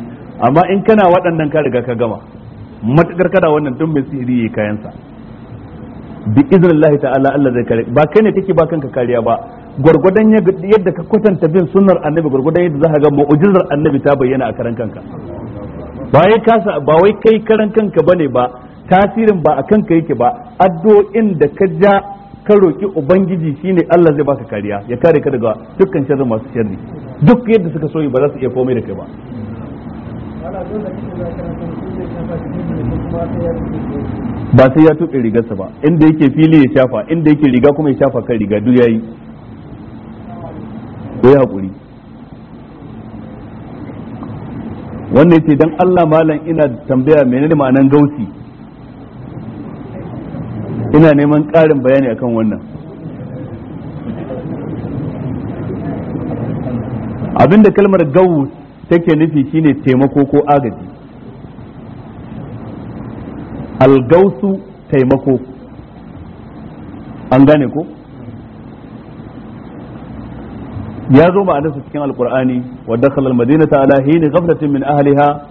amma in kana waɗannan ka riga ka gama matakar kada wannan tun mai sihiri yayi kayansa bi iznillahi ta'ala Allah zai kare ba kai ne kake ba kanka kariya ba gurgudan yadda ka kwatanta bin sunnar annabi gurgudan yadda zaka ga mu'jizar annabi ta bayyana a karan kanka ba wai kasa ba wai kai karan kanka bane ba tasirin ba a kanka yake ba addu'o'in da ka ja ka roki ubangiji shine Allah zai baka kariya ya kare ka daga dukkan sharri masu sharri duk yadda suka so ba za su iya komai da kai ba ba sai ya tuɓe rigarsa ba inda yake fili ya shafa inda yake riga kuma ya shafa kan riga duk yayi ya hakuri wannan yace dan Allah malam ina tambaya menene ma'anan gausi ina neman ƙarin bayani akan wannan abinda kalmar gawu take nufi shine taimako ko agaji algausu taimako an gane ko ya zo ma'anarsa cikin alkur'ani wadda madinata almadinata ala hini gafnatin min ahliha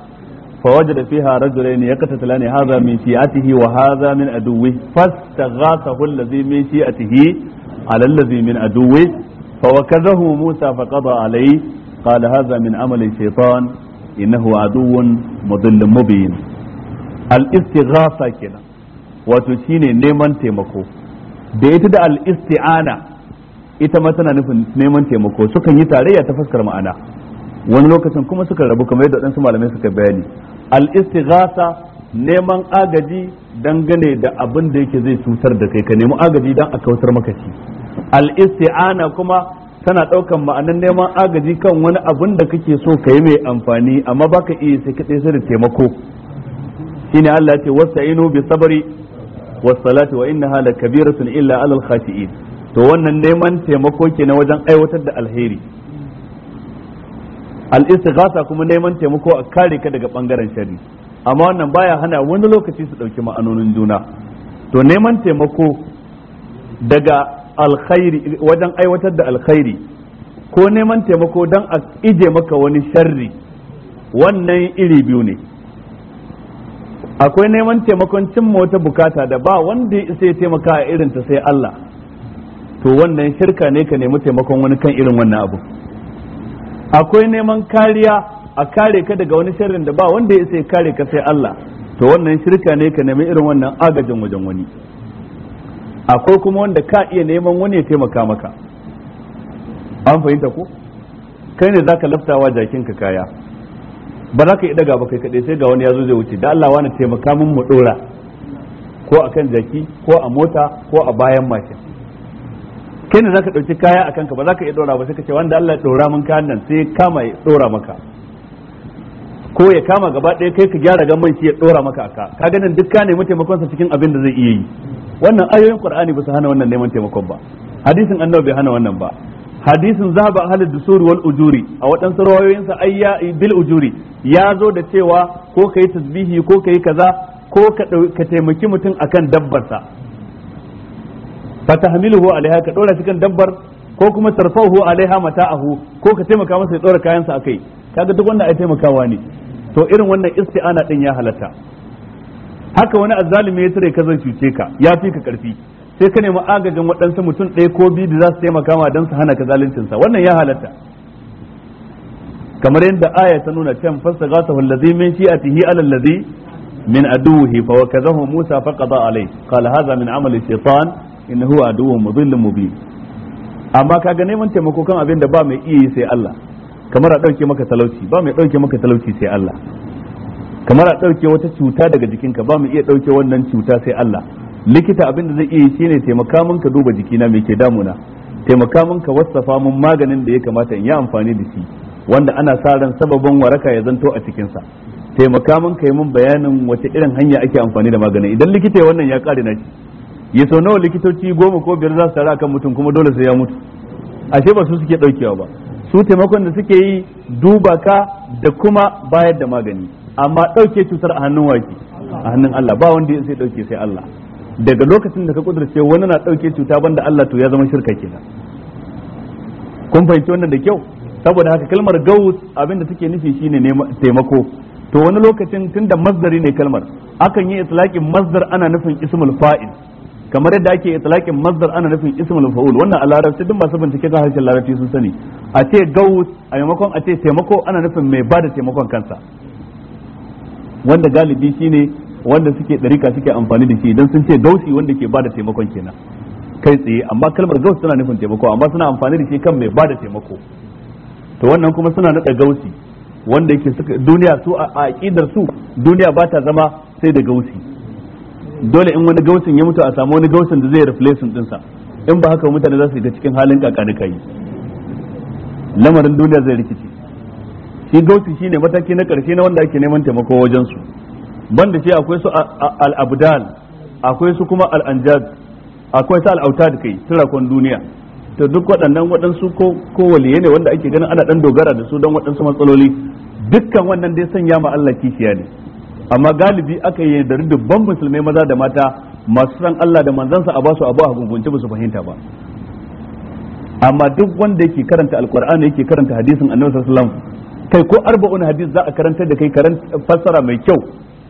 فوجد فيها رجلين يقتتلان هذا من شيعته وهذا من عدوه فاستغاثه الذي من شيعته على الذي من عدوه فوكزه موسى فقضى عليه قال هذا من عمل الشيطان إنه عدو مضل مبين الاستغاثة كنا وتشيني نيمان تيمكو da ita da al-isti'ana ita ma tana nufin neman taimako sukan yi tarayya ta fuskar ma'ana wani lokacin kuma suka rabu kamar yadda ɗansu malamai suka bayani al-istighasa neman agaji dangane da abin da yake zai cutar da kai ka nemi agaji dan a kautar maka shi al-isti'ana kuma tana ɗaukan ma'anar neman agaji kan wani abin da kake so ka yi mai amfani amma baka iya sai kaɗai sai da taimako shine Allah ya ce wasta'inu bi sabri was salati wa innaha lakabiratun illa alal khashi'in to wannan neman taimako na wajen aiwatar da alheri al kuma neman taimako a kare ka daga ɓangaren shari, amma wannan baya hana wani lokaci su ɗauki ma'anonin juna to neman taimako daga alkhairi wajen aiwatar da alkhairi ko neman taimako don a ije maka wani sharri wannan iri biyu ne akwai neman taimakon cimma wata bukata da ba wanda ya isa ya taimaka a irinta sai Allah to wannan shirka ne ka nemi taimakon wani kan irin wannan abu akwai neman kariya a kare ka daga wani sharrin da ba wanda ya sai kare ka sai Allah to wannan shirka ne ka nemi irin wannan agajin wajen wani akwai kuma wanda ka iya neman wani ya taimaka maka an fahimta ko kai ne zaka laftawa jakin ka kaya ba za ka yi daga ba kai sai ga wani ya zo zai wuce da Allah wani taimaka min mu ɗora ko akan jaki ko a mota ko a bayan mashin kai ne zaka ɗauki kaya a kanka ba zaka iya ɗora ba sai ka ce wanda Allah ya ɗora mun kayan nan sai kama ya ɗora maka ko ya kama gaba ɗaya kai ka gyara gamban shi ya ɗora maka aka ka ganin duk ka nemi taimakon sa cikin abin da zai iya yi wannan ayoyin qur'ani ba su hana wannan neman taimakon ba hadisin annabi bai hana wannan ba hadisin zaba ahli dusuri wal ujuri a waɗansu rawayoyin sa ayya bil ujuri ya zo da cewa ko kai tasbihi ko kai kaza ko ka taimaki mutum akan dabbar sa. fa tahmiluhu alaiha ka dora shi kan dabbar ko kuma tarfahu alaiha mata'ahu ko ka taimaka masa ya dora kayansa akai kaga duk wannan ai taimakawa ne to irin wannan isti'ana din ya halatta haka wani azzalimi ya tare ka zai cuce ka ya fi ka karfi sai ka nemi agajin waɗansu mutum ɗaya ko biyu da za su taimaka ma don su hana ka zaluncinsa wannan ya halatta kamar yadda aya ta nuna can fastaghathahu allazi min tihi alan allazi min aduhi fa wakazahu musa faqada alai qala hadha min amali shaytan inna huwa aduwwun mudhillun mubin amma kaga neman taimako kan abin da ba mai iya yi sai Allah kamar a dauke maka talauci ba mai dauke maka talauci sai Allah kamar a dauke wata cuta daga jikinka ba mai iya dauke wannan cuta sai Allah likita abin da zai iya yi shine taimaka min ka duba jikina me ke damuna taimaka min ka wassafa min maganin da ya kamata in yi amfani da shi wanda ana sa ran sababin waraka ya zanto a cikin sa taimaka min ka yi mun bayanin wace irin hanya ake amfani da magani idan likita wannan ya kare na shi ya sau nawa likitoci goma ko biyar za su tare kan mutum kuma dole sai ya mutu ashe ba su suke daukewa ba su taimakon da suke yi duba ka da kuma bayar da magani amma dauke cutar a hannun waki a hannun Allah ba wanda ya sai dauke sai Allah daga lokacin da ka kudurce wani na dauke cuta banda Allah to ya zama shirka kenan kun fahimci wannan da kyau saboda haka kalmar gaut abinda take nufi shine taimako to wani lokacin tunda masdari ne kalmar akan yi itlaqin masdar ana nufin ismul fa'il kamar yadda ake itlaqin masdar ana nufin ismul fa'ul wannan a larabci duk masu bincike ga harshen larabci sun sani a ce gaut a maimakon a ce taimako ana nufin mai ba da taimakon kansa wanda galibi shine wanda suke ɗarika suke amfani da shi idan sun ce gausi wanda ke ba da taimakon kenan kai tsaye amma kalmar gaus suna nufin taimako amma suna amfani da shi kan mai ba da taimako to wannan kuma suna naɗa gausi wanda yake duniya su a aƙidar su duniya ba ta zama sai da gausi dole in wani gausin ya mutu a samu wani gausin da zai replacing dinsa in ba haka mutane za su yi ga cikin halin kakani kayi. lamarin duniya zai rikice shi gausi shine mataki na karshe na wanda ake neman taimako wajen su banda shi akwai su al-abdal akwai su kuma al-anjad akwai su al da kai turakon duniya to duk waɗannan waɗansu ko ko waliye ne wanda ake ganin ana dan dogara da su don waɗansu matsaloli dukkan wannan dai sanya ma Allah kishiya ne amma galibi aka yi da dubban musulmai maza da mata masu san Allah da manzansa a basu abu a gungunci ba su fahimta ba amma duk wanda yake karanta alkur'ani yake karanta hadisin annabi sallallahu alaihi wasallam kai ko arba'un hadis za a karanta da kai karanta fassara mai kyau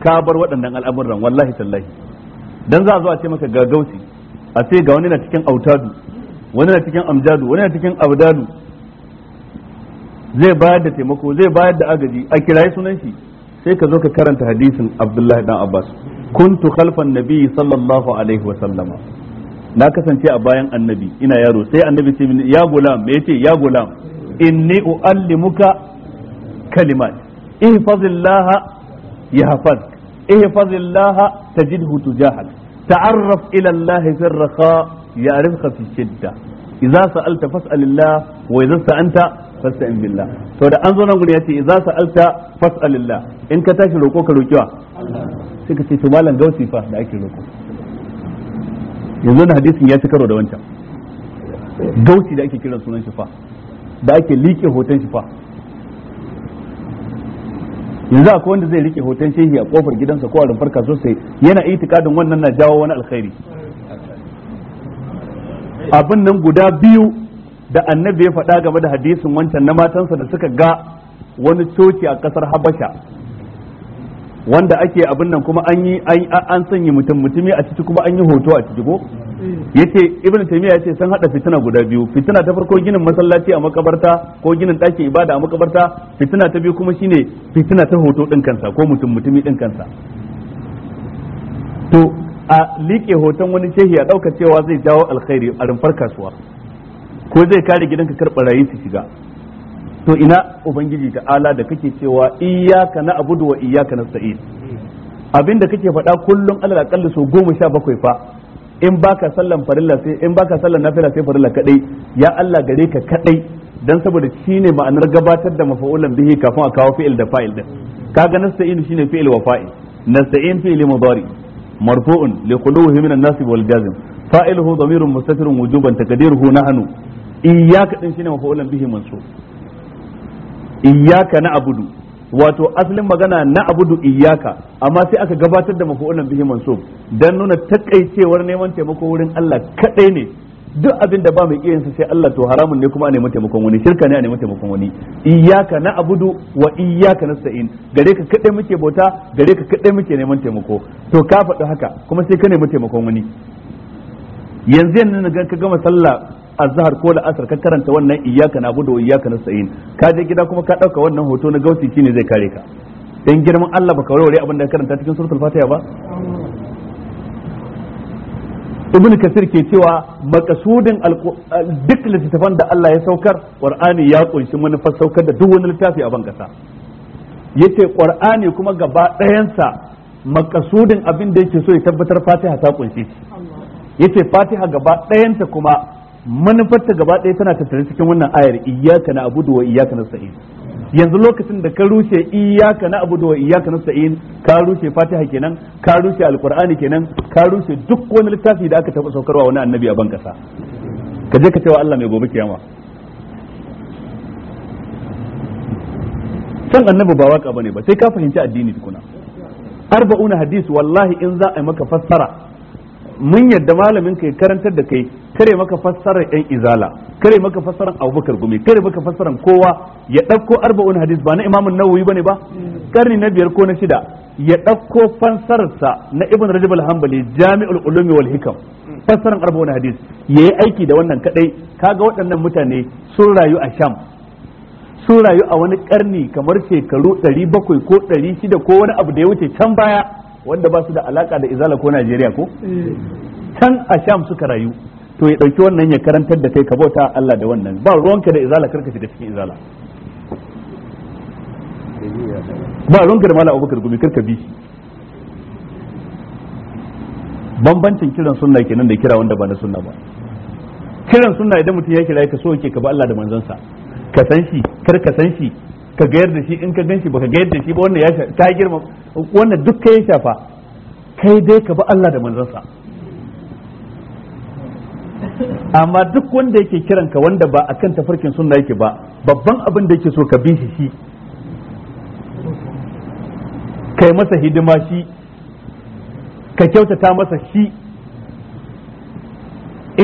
ka bar waɗannan al'amuran wallahi tallahi dan za a zo a ce maka ga gausi a ce ga wani na cikin autadu wani na cikin amjadu wani na cikin abdadu zai bayar da taimako zai bayar da agaji a kirayi sunan shi sai ka zo ka karanta hadisin Abdullahi dan Abbas kuntu khalfan nabi sallallahu alaihi wa sallama na kasance a bayan annabi ina yaro sai annabi ce mini ya gulam me yace ya gulam inni uallimuka kalimat ihfazillah yahfaz ihfazillah tajidhu tujahak ta'arraf ila Allah fi ar-raqa ya'rifka fi shidda idza sa'alta fas'alillah wa idza sta'anta fasta'in billah to da an zo nan gure yace idza sa'alta fas'alillah in ka tashi roko ka roki wa sai ka ce to malam gausi fa da ake roko yanzu na hadisin ya ci karo da wancan gausi da ake kiran sunan shi fa da ake liƙe hoton shi fa yanzu akwai wanda zai rike hoton shehi a kofar gidansa ko a rumfar kaso sai yana itikadin wannan na jawo wani alkhairi abin nan guda biyu da annabi ya faɗa game da hadisin wancan na matansa da suka ga wani coci a ƙasar habasha wanda ake abin nan kuma an yi an sanya mutum mutumi a ciki kuma an yi hoto a ciki ko yace ibnu taymiya yace sun hada fitina guda biyu fitina ta farko ginin masallaci a makabarta ko ginin ɗakin ibada a makabarta fitina ta biyu kuma shine fitina ta hoto din kansa ko mutum mutumi din kansa to a liƙe hoton wani shehi a ɗauka cewa zai jawo alkhairi a rumfar kasuwa ko zai kare gidanka kar barayi su shiga to ina ubangiji ta ala da kake cewa iyyaka na abudu wa iyyaka nasta'in abinda kake faɗa kullum alal aqalli so goma sha bakwai fa in baka sallan farilla sai in baka sallan nafila sai farilla kadai ya Allah gare ka kadai dan saboda shine ma'anar gabatar da mafa'ulan bihi kafin a kawo fi'il da fa'il din kaga nasta'in shine fi'il wa fa'il nasta'in fi'il mudari marfu'un li quluhi min nasib wal jazm fa'iluhu dhamirun mustatirun wujuban taqdiruhu nahnu iyyaka din shine mafa'ulan bihi mansub iyyaka na abudu wato asalin magana na abudu iyyaka amma sai aka gabatar da mafa'ulan bihi mansub dan nuna takaicewar neman taimako wurin Allah kadai ne duk abin da ba mai iya sai Allah to haramun ne kuma a nemi taimakon wani shirka ne a nemi taimakon wani iyyaka na abudu wa iyyaka nasta'in gare ka kadai muke bauta gare ka kadai muke neman taimako to ka faɗi haka kuma sai ka nemi taimakon wani yanzu yanzu ka gama sallah azhar ko la'asar ka karanta wannan iyyaka na'budu wa iyyaka nasta'in ka je gida kuma ka dauka wannan hoto na gausi shine zai kare ka dan girman Allah baka warware abin da ka karanta cikin suratul fatiha ba ibn kasir ke cewa makasudin duk littattafan da Allah ya saukar qur'ani ya kunshi manufar saukar da duk wani littafi a ban kasa yace qur'ani kuma gaba makasudin abin da yake so ya tabbatar fatiha ta kunshi yace fatiha gaba ɗayanta kuma manufarta gaba ɗaya tana tattare cikin wannan ayar iyaka na abudu wa na sa'in. yanzu lokacin da ka rushe iyaka na abudu wa na sa'in, ka rushe fatiha kenan ka rushe alkur'ani kenan ka rushe duk wani littafi da aka taɓa saukarwa wani annabi a bankasa ka je ka cewa Allah mai gobe kiyama san annabi ba waka bane ba sai ka fahimci addini tukuna arba'una hadis wallahi in za a yi maka fassara mun yadda malamin ka ya karantar da kai kare maka fassarar yan izala kare maka fassarar abubakar gumi kare maka fassarar kowa ya ɗauko arba'un hadis ba na imamun nawawi bane ba karni na biyar ko na shida ya ɗauko fassararsa na ibn rajab al-hanbali jami'ul ulumi wal hikam fassarar arba'un hadis yayi aiki da wannan kadai kaga waɗannan mutane sun rayu a sham sun rayu a wani karni kamar shekaru ɗari bakwai ko ɗari shida ko wani abu da ya wuce can baya wanda ba su da alaka da izala ko Najeriya ko can a Sham suka rayu to ya dauki wannan ya karantar da kai ka bauta Allah da wannan ba ruwanka da izala karka shiga cikin izala ba ruwanka da Malam Abubakar Gumi karka bi bambancin kiran sunna kenan da kira wanda ba na sunna ba kiran sunna idan mutum ya kira ka so yake ka ba Allah da manzansa ka san shi kar ka san shi ka gayar da shi in ka ganshi baka gayar da shi ba wannan ya ta girma wannan duk kai ya shafa kai dai ka bi Allah da manzansa amma duk wanda yake kiran ka wanda ba kan tafarkin sunna yake ba babban abin da yake so ka bi shi shi kai masa hidima shi ka kyautata masa shi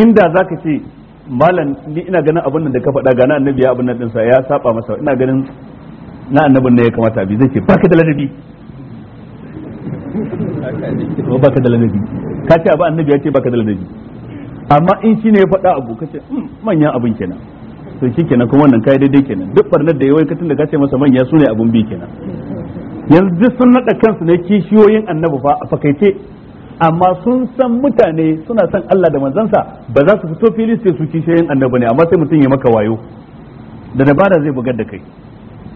inda za ka ce malam ni ina ganin abin da ka faɗa gana annabi ya abin nan ɗinsa ya saba masa ina ganin na annabin ne ya kamata bi zai ce baka da ladabi ko baka da ladabi ka ce abu annabi ya ce baka da ladabi amma in shi ne ya faɗa abu ka ce hmm, manyan abin kenan to shi kenan kuma wannan kai daidai kenan duk barnar da ya wai katin da ka ce masa manya su ne abun bi kenan yanzu sun naɗa kansu ne kishiyoyin annabi fa a fakaice amma sun san mutane suna son Allah da manzansa ba za su fito fili sai su kishiyoyin annabi ne amma sai mutum ya maka wayo da dabara zai bugar da kai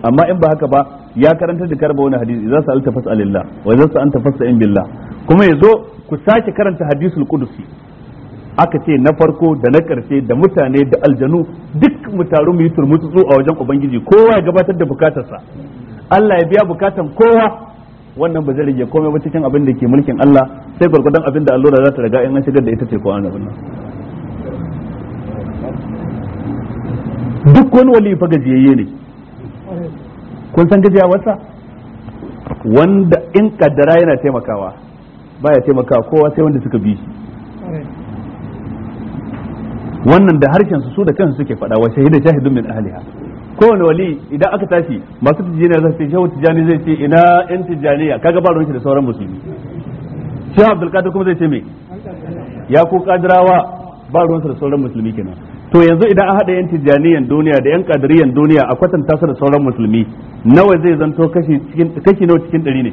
amma in ba haka ba ya karanta da karba wani hadisi za idza sa'alta fas'alillah wa su sa'anta fas'in billah kuma yazo ku sake karanta hadisul qudusi aka ce na farko da na karshe da mutane da aljanu duk mu taru mu yi turmutsu a wajen ubangiji kowa ya gabatar da bukatarsa Allah ya biya bukatan kowa wannan ba zai rage komai ba cikin abin da ke mulkin Allah sai gwargwadon abin da allura za ta riga in an shigar da ita ce ko an abin duk wani wali fa gajiyayye ne kun san gajiya wata wanda in kaddara yana taimakawa baya taimakawa kowa sai wanda suka bi shi wannan da harshen su da kansu suke faɗa wa shahida shahidun min ahliha kowane wali idan aka tashi masu tijjani za su ce shehu tijjani zai ce ina yan ya kaga ba da sauran musulmi shehu abdulkadir kuma zai ce me ya ku kadirawa ba ruwansa da sauran musulmi kenan to yanzu idan a haɗa yan tijjaniyan duniya da yan ƙadiriyan duniya a kwatanta su da sauran musulmi nawa zai zanto kashi nawa cikin ɗari ne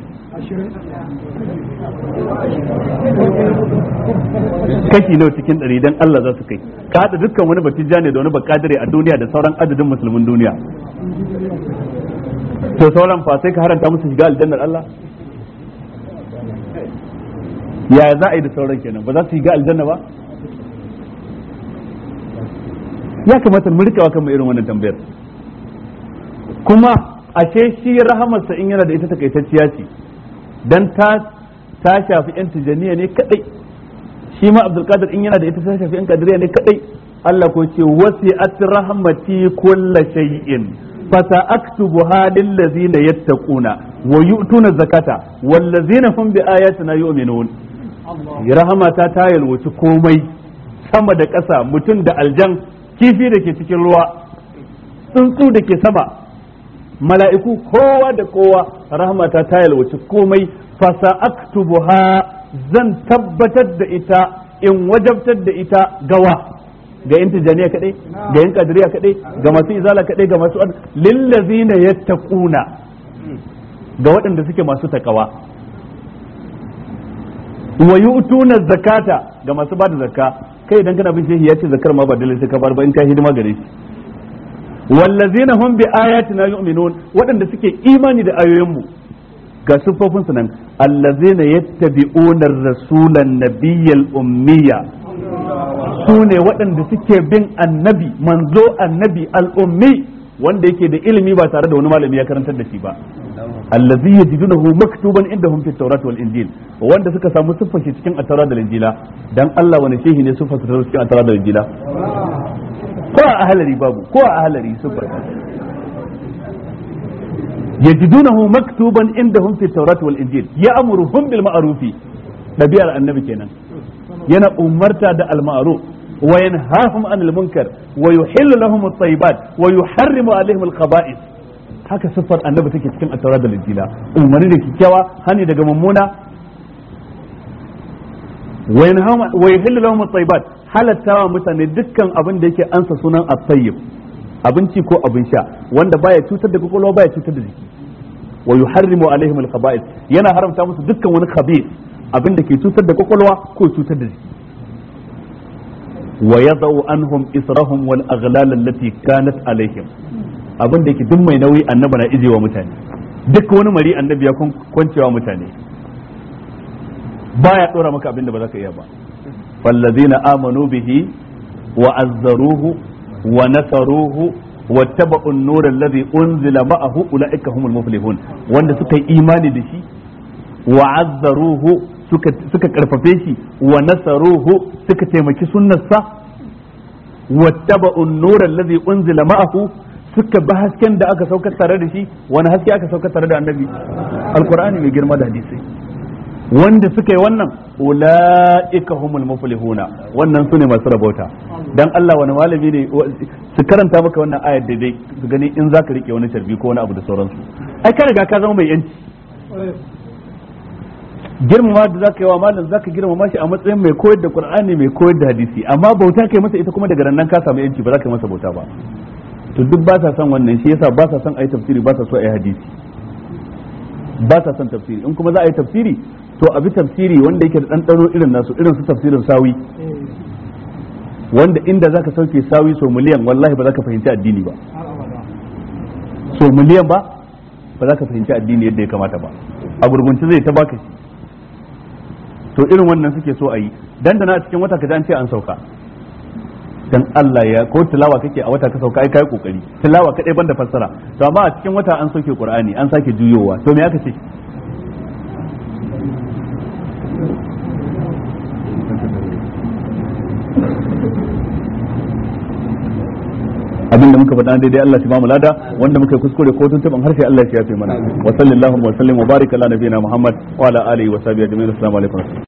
kashi nawa cikin ɗari don Allah za su kai ka haɗa dukkan wani ba tijjani da wani ƙadiri a duniya da sauran adadin musulmin duniya to sauran fa sai ka haranta musu shiga aljannar Allah ya za a yi da sauran kenan ba za su shiga aljanna ba ya kamata mu rikawa kanmu irin wannan tambayar kuma ashe shi rahamarsa in yana da ita takaitacciya ce dan ta ta shafi yan tijaniya ne kadai shi ma abdulkadir in yana da ita ta shafi yan kadiriya ne kadai Allah ko ce wasi'at rahmati kulla shay'in فسأكتبها للذين يتقون ويؤتون na والذين هم rahama ta tayar wuce komai. sama da ƙasa mutum da aljan kifi da ke cikin ruwa tsuntsu da ke sama mala'iku kowa da kowa rahmata ta yalwaci komai fasa aktubuha zan tabbatar da ita in wajabtar da ita gawa ga yan tijaniya kaɗai ga yan kadiriya kaɗai, ga masu izala kaɗai, ga masu ya taƙuna. ga waɗanda suke masu takawa wa utunar zakata ga masu bada zakka kai idan kana bin shehi ya ce zakar ma ba dalilin sai ka bar ba in ka hidima gare shi wallazina hum bi ayatina yu'minun waɗanda suke imani da ayoyinmu ga sufofin su nan allazina yattabi'una rasulan nabiyyal ummiya su ne waɗanda suke bin annabi manzo annabi al'ummi wanda yake da ilimi ba tare da wani malami ya karantar da shi ba allazi yajidunahu maktuban indahum fit tawrat wal injil wanda suka samu siffar shi cikin at da injila dan Allah wani shehi ne siffar ta cikin at da injila ko a ahlari babu ko a ahlari siffar yajidunahu maktuban indahum fit tawrat wal injil ya'muruhum bil ma'rufi dabi'ar annabi kenan yana umarta da al ma'ruf وينهاهم عن المنكر ويحل لهم الطيبات ويحرم عليهم الخبائث haka siffar annabi take cikin attaura da lijila umarni da kikkiawa hani daga mummuna wa yuhillu lahum at-tayyibat halattawa mutane dukkan abin da yake ansa sunan at-tayyib abinci ko abin sha wanda baya cutar da kokolwa baya cutar da jiki wa yuharrimu alaihim al-khaba'ith yana haramta musu dukkan wani khabith abin da ke cutar da kokolwa ko cutar da jiki wa yadau anhum israhum wal aghlal allati kanat alaihim abin da yake duk mai nauyi annabi na wa mutane duk wani mari annabi ya kwancewa mutane baya dora maka abin da ba za ka iya ba fallazina amanu bihi wa azzaruhu wa nasaruhu واتبعوا النور الذي أنزل معه أولئك هم المفلحون wanda suka yi imani da shi wa azzaruhu suka karfafe shi wa nasaruhu suka taimaki sunnarsa wa an-nur alladhi unzila ma'ahu suka bi hasken da aka saukar tare da shi wani haske aka saukar tare da annabi alkur'ani mai girma da hadisi. wanda suka yi wannan ula'ika humul muflihuna wannan su ne masu rabauta dan Allah wani malami ne su karanta maka wannan ayar da dai su gani in zaka rike wani tarbi ko wani abu da sauransu ai ka riga ka zama mai yanci girmama da zaka yi wa malam zaka girmama shi a matsayin mai koyar da qur'ani mai koyar da hadisi amma bauta kai masa ita kuma daga nan ka samu yanci ba za ka yi masa bauta ba to duk ba sa son wannan shi yasa ba sa son ayi tafsiri ba sa so ayi hadisi ba sa son tafsiri in kuma za a yi tafsiri to abi tafsiri wanda yake da ɗanɗano irin nasu irin su tafsirin sawi wanda inda zaka sauke sawi so miliyan wallahi ba za ka fahimci addini ba so miliyan ba ba za ka fahimci addini yadda ya kamata ba a gurgunci zai ta baka shi to irin wannan suke so a yi dandana a cikin wata kaji an ce an sauka dan Allah ya ko tilawa kake a wata ka sauka ai kai kokari tilawa kadai banda fassara to amma a cikin wata an soke Qur'ani an sake juyowa to me aka ce abinda da muka faɗa daidai Allah shi ba mu lada wanda muka kuskure ko tuntuban harshe Allah shi ya fi mana wa sallallahu wa sallim wa barika ala nabiyina Muhammad wa ala alihi wa sahbihi ajma'in assalamu alaikum